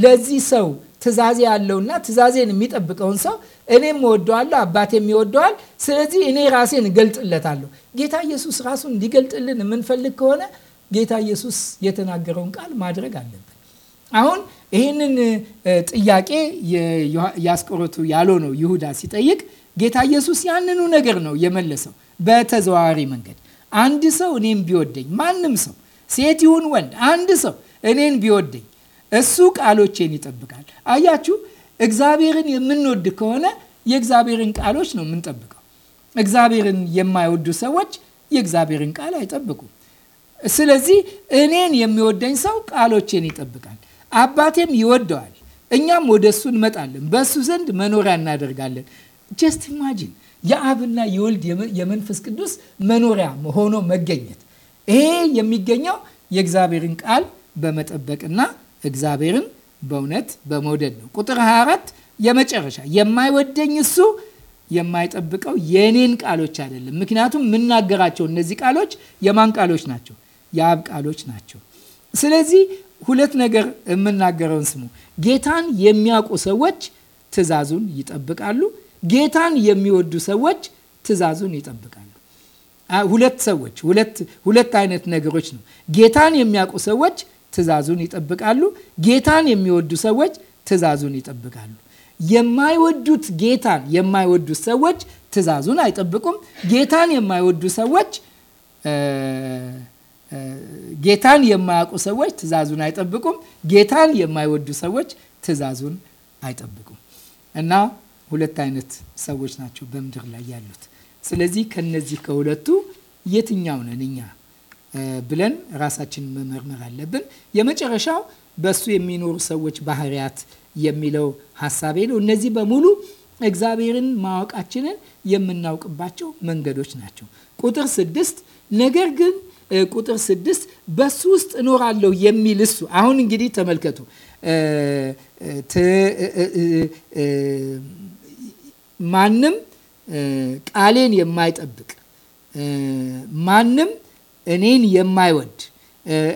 ለዚህ ሰው ትዛዜ ያለውና ትዛዜን የሚጠብቀውን ሰው እኔም ወደዋለሁ አባቴም ይወደዋል። ስለዚህ እኔ ራሴን እገልጥለታለሁ። ጌታ ኢየሱስ ራሱን እንዲገልጥልን የምንፈልግ ከሆነ ጌታ ኢየሱስ የተናገረውን ቃል ማድረግ አለብን። አሁን ይህንን ጥያቄ ያስቆሮቱ ያልሆነው ይሁዳ ሲጠይቅ ጌታ ኢየሱስ ያንኑ ነገር ነው የመለሰው በተዘዋዋሪ መንገድ አንድ ሰው እኔን ቢወደኝ ማንም ሰው ሴት ይሁን ወንድ፣ አንድ ሰው እኔን ቢወደኝ እሱ ቃሎቼን ይጠብቃል። አያችሁ፣ እግዚአብሔርን የምንወድ ከሆነ የእግዚአብሔርን ቃሎች ነው የምንጠብቀው። እግዚአብሔርን የማይወዱ ሰዎች የእግዚአብሔርን ቃል አይጠብቁም። ስለዚህ እኔን የሚወደኝ ሰው ቃሎቼን ይጠብቃል፣ አባቴም ይወደዋል፣ እኛም ወደ እሱ እንመጣለን፣ በእሱ ዘንድ መኖሪያ እናደርጋለን። ጀስት ኢማጂን የአብና የወልድ የመንፈስ ቅዱስ መኖሪያ ሆኖ መገኘት። ይሄ የሚገኘው የእግዚአብሔርን ቃል በመጠበቅና እግዚአብሔርን በእውነት በመውደድ ነው። ቁጥር 24 የመጨረሻ የማይወደኝ እሱ የማይጠብቀው የእኔን ቃሎች አይደለም። ምክንያቱም የምናገራቸው እነዚህ ቃሎች የማን ቃሎች ናቸው? የአብ ቃሎች ናቸው። ስለዚህ ሁለት ነገር የምናገረውን ስሙ። ጌታን የሚያውቁ ሰዎች ትእዛዙን ይጠብቃሉ። ጌታን የሚወዱ ሰዎች ትእዛዙን ይጠብቃሉ። ሁለት ሰዎች ሁለት አይነት ነገሮች ነው። ጌታን የሚያውቁ ሰዎች ትእዛዙን ይጠብቃሉ። ጌታን የሚወዱ ሰዎች ትእዛዙን ይጠብቃሉ። የማይወዱት ጌታን የማይወዱት ሰዎች ትእዛዙን አይጠብቁም። ጌታን የማይወዱ ሰዎች ጌታን የማያውቁ ሰዎች ትእዛዙን አይጠብቁም። ጌታን የማይወዱ ሰዎች ትእዛዙን አይጠብቁም እና ሁለት አይነት ሰዎች ናቸው በምድር ላይ ያሉት። ስለዚህ ከነዚህ ከሁለቱ የትኛው ነን እኛ ብለን ራሳችንን መመርመር አለብን። የመጨረሻው በእሱ የሚኖሩ ሰዎች ባህሪያት የሚለው ሀሳቤ ነው። እነዚህ በሙሉ እግዚአብሔርን ማወቃችንን የምናውቅባቸው መንገዶች ናቸው። ቁጥር ስድስት ነገር ግን ቁጥር ስድስት በሱ ውስጥ እኖራለሁ የሚል እሱ አሁን እንግዲህ ተመልከቱ ማንም ቃሌን የማይጠብቅ ማንም እኔን የማይወድ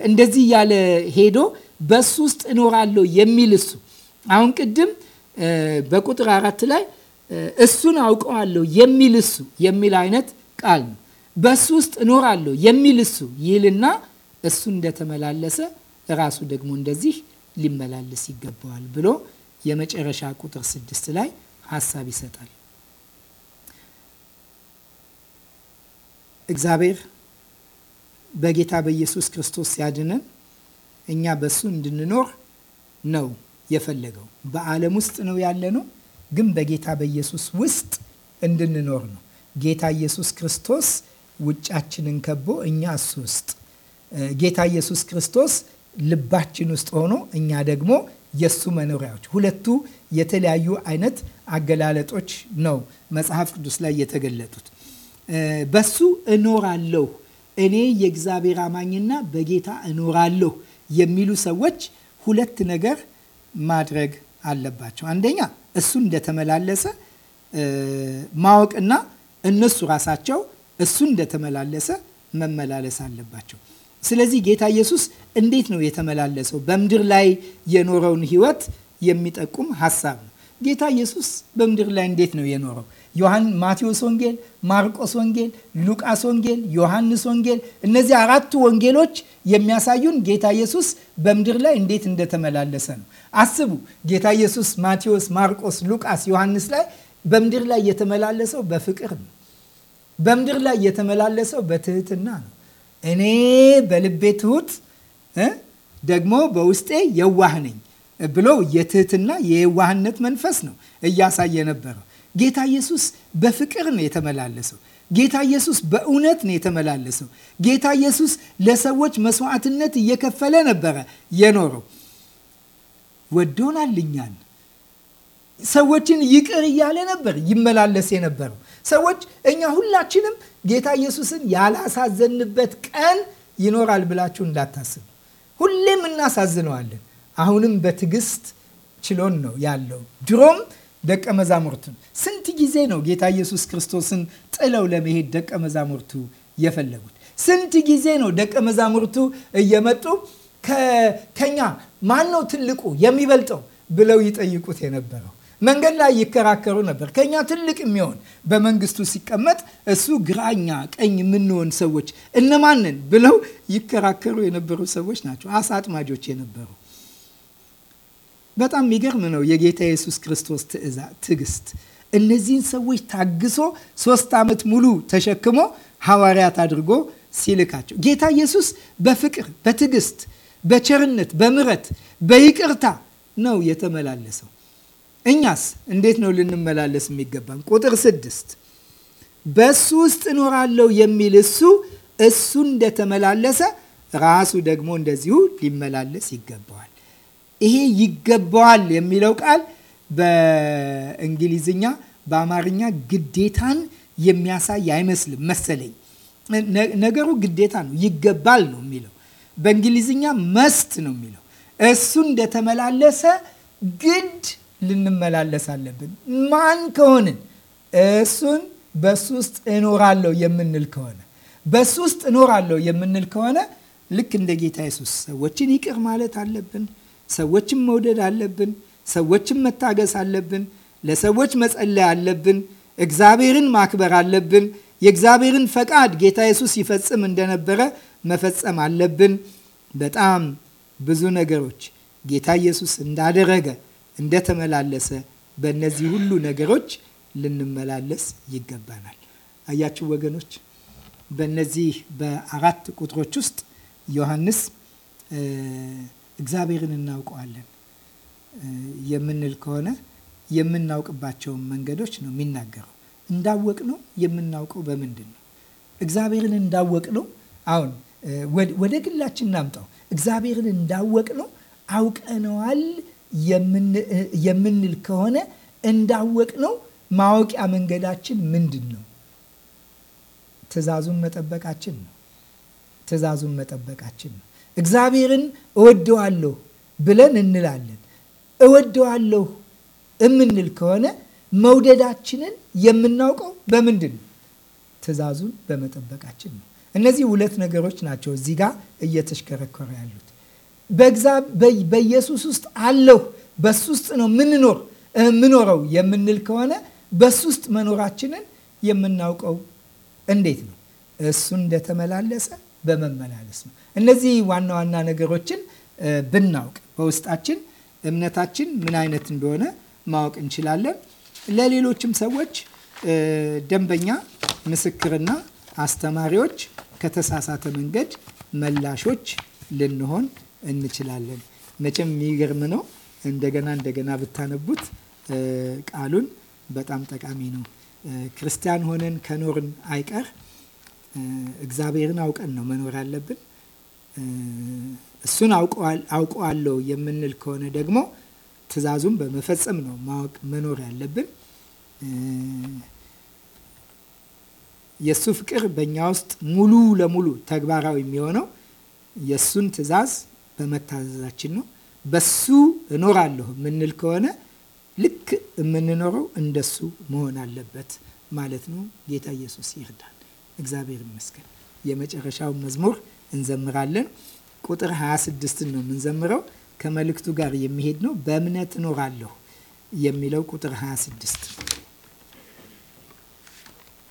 እንደዚህ እያለ ሄዶ በሱ ውስጥ እኖራለሁ የሚል እሱ አሁን ቅድም በቁጥር አራት ላይ እሱን አውቀዋለሁ የሚል እሱ የሚል አይነት ቃል ነው። በሱ ውስጥ እኖራለሁ የሚል እሱ ይልና እሱ እንደተመላለሰ ራሱ ደግሞ እንደዚህ ሊመላለስ ይገባዋል ብሎ የመጨረሻ ቁጥር ስድስት ላይ ሀሳብ ይሰጣል። እግዚአብሔር በጌታ በኢየሱስ ክርስቶስ ሲያድነን እኛ በሱ እንድንኖር ነው የፈለገው። በዓለም ውስጥ ነው ያለነው፣ ግን በጌታ በኢየሱስ ውስጥ እንድንኖር ነው። ጌታ ኢየሱስ ክርስቶስ ውጫችንን ከቦ እኛ እሱ ውስጥ ጌታ ኢየሱስ ክርስቶስ ልባችን ውስጥ ሆኖ እኛ ደግሞ የእሱ መኖሪያዎች ሁለቱ የተለያዩ አይነት አገላለጦች ነው መጽሐፍ ቅዱስ ላይ የተገለጡት። በሱ እኖራለሁ እኔ የእግዚአብሔር አማኝና በጌታ እኖራለሁ የሚሉ ሰዎች ሁለት ነገር ማድረግ አለባቸው። አንደኛ እሱ እንደተመላለሰ ማወቅና እነሱ ራሳቸው እሱ እንደተመላለሰ መመላለስ አለባቸው። ስለዚህ ጌታ ኢየሱስ እንዴት ነው የተመላለሰው? በምድር ላይ የኖረውን ህይወት የሚጠቁም ሀሳብ ነው። ጌታ ኢየሱስ በምድር ላይ እንዴት ነው የኖረው? ማቴዎስ ወንጌል፣ ማርቆስ ወንጌል፣ ሉቃስ ወንጌል፣ ዮሐንስ ወንጌል እነዚህ አራቱ ወንጌሎች የሚያሳዩን ጌታ ኢየሱስ በምድር ላይ እንዴት እንደተመላለሰ ነው። አስቡ ጌታ ኢየሱስ ማቴዎስ፣ ማርቆስ፣ ሉቃስ፣ ዮሐንስ ላይ በምድር ላይ የተመላለሰው በፍቅር ነው። በምድር ላይ የተመላለሰው በትህትና ነው። እኔ በልቤ ትሁት ደግሞ በውስጤ የዋህ ነኝ ብሎ የትህትና የዋህነት መንፈስ ነው እያሳየ ነበረው። ጌታ ኢየሱስ በፍቅር ነው የተመላለሰው። ጌታ ኢየሱስ በእውነት ነው የተመላለሰው። ጌታ ኢየሱስ ለሰዎች መስዋዕትነት እየከፈለ ነበረ የኖረው። ወዶናልኛል። ሰዎችን ይቅር እያለ ነበር ይመላለስ የነበረው። ሰዎች እኛ ሁላችንም ጌታ ኢየሱስን ያላሳዘንበት ቀን ይኖራል ብላችሁ እንዳታስብ። ሁሌም እናሳዝነዋለን። አሁንም በትዕግስት ችሎን ነው ያለው። ድሮም ደቀ መዛሙርቱን ስንት ጊዜ ነው ጌታ ኢየሱስ ክርስቶስን ጥለው ለመሄድ ደቀ መዛሙርቱ የፈለጉት? ስንት ጊዜ ነው ደቀ መዛሙርቱ እየመጡ ከኛ ማን ነው ትልቁ የሚበልጠው ብለው ይጠይቁት የነበረው? መንገድ ላይ ይከራከሩ ነበር። ከኛ ትልቅ የሚሆን በመንግስቱ ሲቀመጥ እሱ ግራኛ ቀኝ የምንሆን ሰዎች እነማንን ብለው ይከራከሩ የነበሩ ሰዎች ናቸው። አሳ አጥማጆች የነበሩ በጣም የሚገርም ነው። የጌታ ኢየሱስ ክርስቶስ ትዕግስት እነዚህን ሰዎች ታግሶ ሶስት ዓመት ሙሉ ተሸክሞ ሐዋርያት አድርጎ ሲልካቸው ጌታ ኢየሱስ በፍቅር፣ በትዕግስት፣ በቸርነት፣ በምረት፣ በይቅርታ ነው የተመላለሰው። እኛስ እንዴት ነው ልንመላለስ የሚገባን? ቁጥር ስድስት በእሱ ውስጥ እኖራለሁ የሚል እሱ እሱ እንደተመላለሰ ራሱ ደግሞ እንደዚሁ ሊመላለስ ይገባዋል። ይሄ ይገባዋል የሚለው ቃል በእንግሊዝኛ በአማርኛ ግዴታን የሚያሳይ አይመስልም መሰለኝ። ነገሩ ግዴታ ነው፣ ይገባል ነው የሚለው። በእንግሊዝኛ መስት ነው የሚለው። እሱ እንደተመላለሰ ግድ ልንመላለስ አለብን። ማን ከሆንን እሱን በሱ ውስጥ እኖራለሁ የምንል ከሆነ በሱ ውስጥ እኖራለሁ የምንል ከሆነ ልክ እንደ ጌታ ኢየሱስ ሰዎችን ይቅር ማለት አለብን። ሰዎችን መውደድ አለብን። ሰዎችን መታገስ አለብን። ለሰዎች መጸለይ አለብን። እግዚአብሔርን ማክበር አለብን። የእግዚአብሔርን ፈቃድ ጌታ ኢየሱስ ይፈጽም እንደነበረ መፈጸም አለብን። በጣም ብዙ ነገሮች ጌታ ኢየሱስ እንዳደረገ እንደተመላለሰ በእነዚህ ሁሉ ነገሮች ልንመላለስ ይገባናል። አያችሁ ወገኖች፣ በእነዚህ በአራት ቁጥሮች ውስጥ ዮሐንስ እግዚአብሔርን እናውቀዋለን የምንል ከሆነ የምናውቅባቸውን መንገዶች ነው የሚናገረው። እንዳወቅ ነው የምናውቀው በምንድን ነው? እግዚአብሔርን እንዳወቅ ነው። አሁን ወደ ግላችን እናምጣው። እግዚአብሔርን እንዳወቅ ነው አውቀነዋል የምንል ከሆነ እንዳወቅ ነው ማወቂያ መንገዳችን ምንድን ነው? ትእዛዙን መጠበቃችን ነው። ትእዛዙን መጠበቃችን ነው። እግዚአብሔርን እወደዋለሁ ብለን እንላለን። እወደዋለሁ እምንል ከሆነ መውደዳችንን የምናውቀው በምንድን ነው? ትእዛዙን በመጠበቃችን ነው። እነዚህ ሁለት ነገሮች ናቸው እዚህ ጋር እየተሽከረከሩ ያሉት። በኢየሱስ ውስጥ አለሁ በሱ ውስጥ ነው ምንኖር ምኖረው የምንል ከሆነ በሱ ውስጥ መኖራችንን የምናውቀው እንዴት ነው? እሱ እንደተመላለሰ በመመላለስ ነው። እነዚህ ዋና ዋና ነገሮችን ብናውቅ በውስጣችን እምነታችን ምን አይነት እንደሆነ ማወቅ እንችላለን። ለሌሎችም ሰዎች ደንበኛ፣ ምስክርና አስተማሪዎች ከተሳሳተ መንገድ መላሾች ልንሆን እንችላለን። መቼም የሚገርም ነው። እንደገና እንደገና ብታነቡት ቃሉን በጣም ጠቃሚ ነው። ክርስቲያን ሆነን ከኖርን አይቀር እግዚአብሔርን አውቀን ነው መኖር ያለብን። እሱን አውቀዋለሁ የምንል ከሆነ ደግሞ ትእዛዙን በመፈጸም ነው ማወቅ መኖር ያለብን። የእሱ ፍቅር በእኛ ውስጥ ሙሉ ለሙሉ ተግባራዊ የሚሆነው የእሱን ትእዛዝ በመታዘዛችን ነው። በሱ እኖራለሁ የምንል ከሆነ ልክ የምንኖረው እንደሱ መሆን አለበት ማለት ነው። ጌታ ኢየሱስ ይርዳል። እግዚአብሔር ይመስገን። የመጨረሻው መዝሙር እንዘምራለን። ቁጥር 26 ነው የምንዘምረው። ከመልእክቱ ጋር የሚሄድ ነው። በእምነት እኖራለሁ የሚለው ቁጥር 26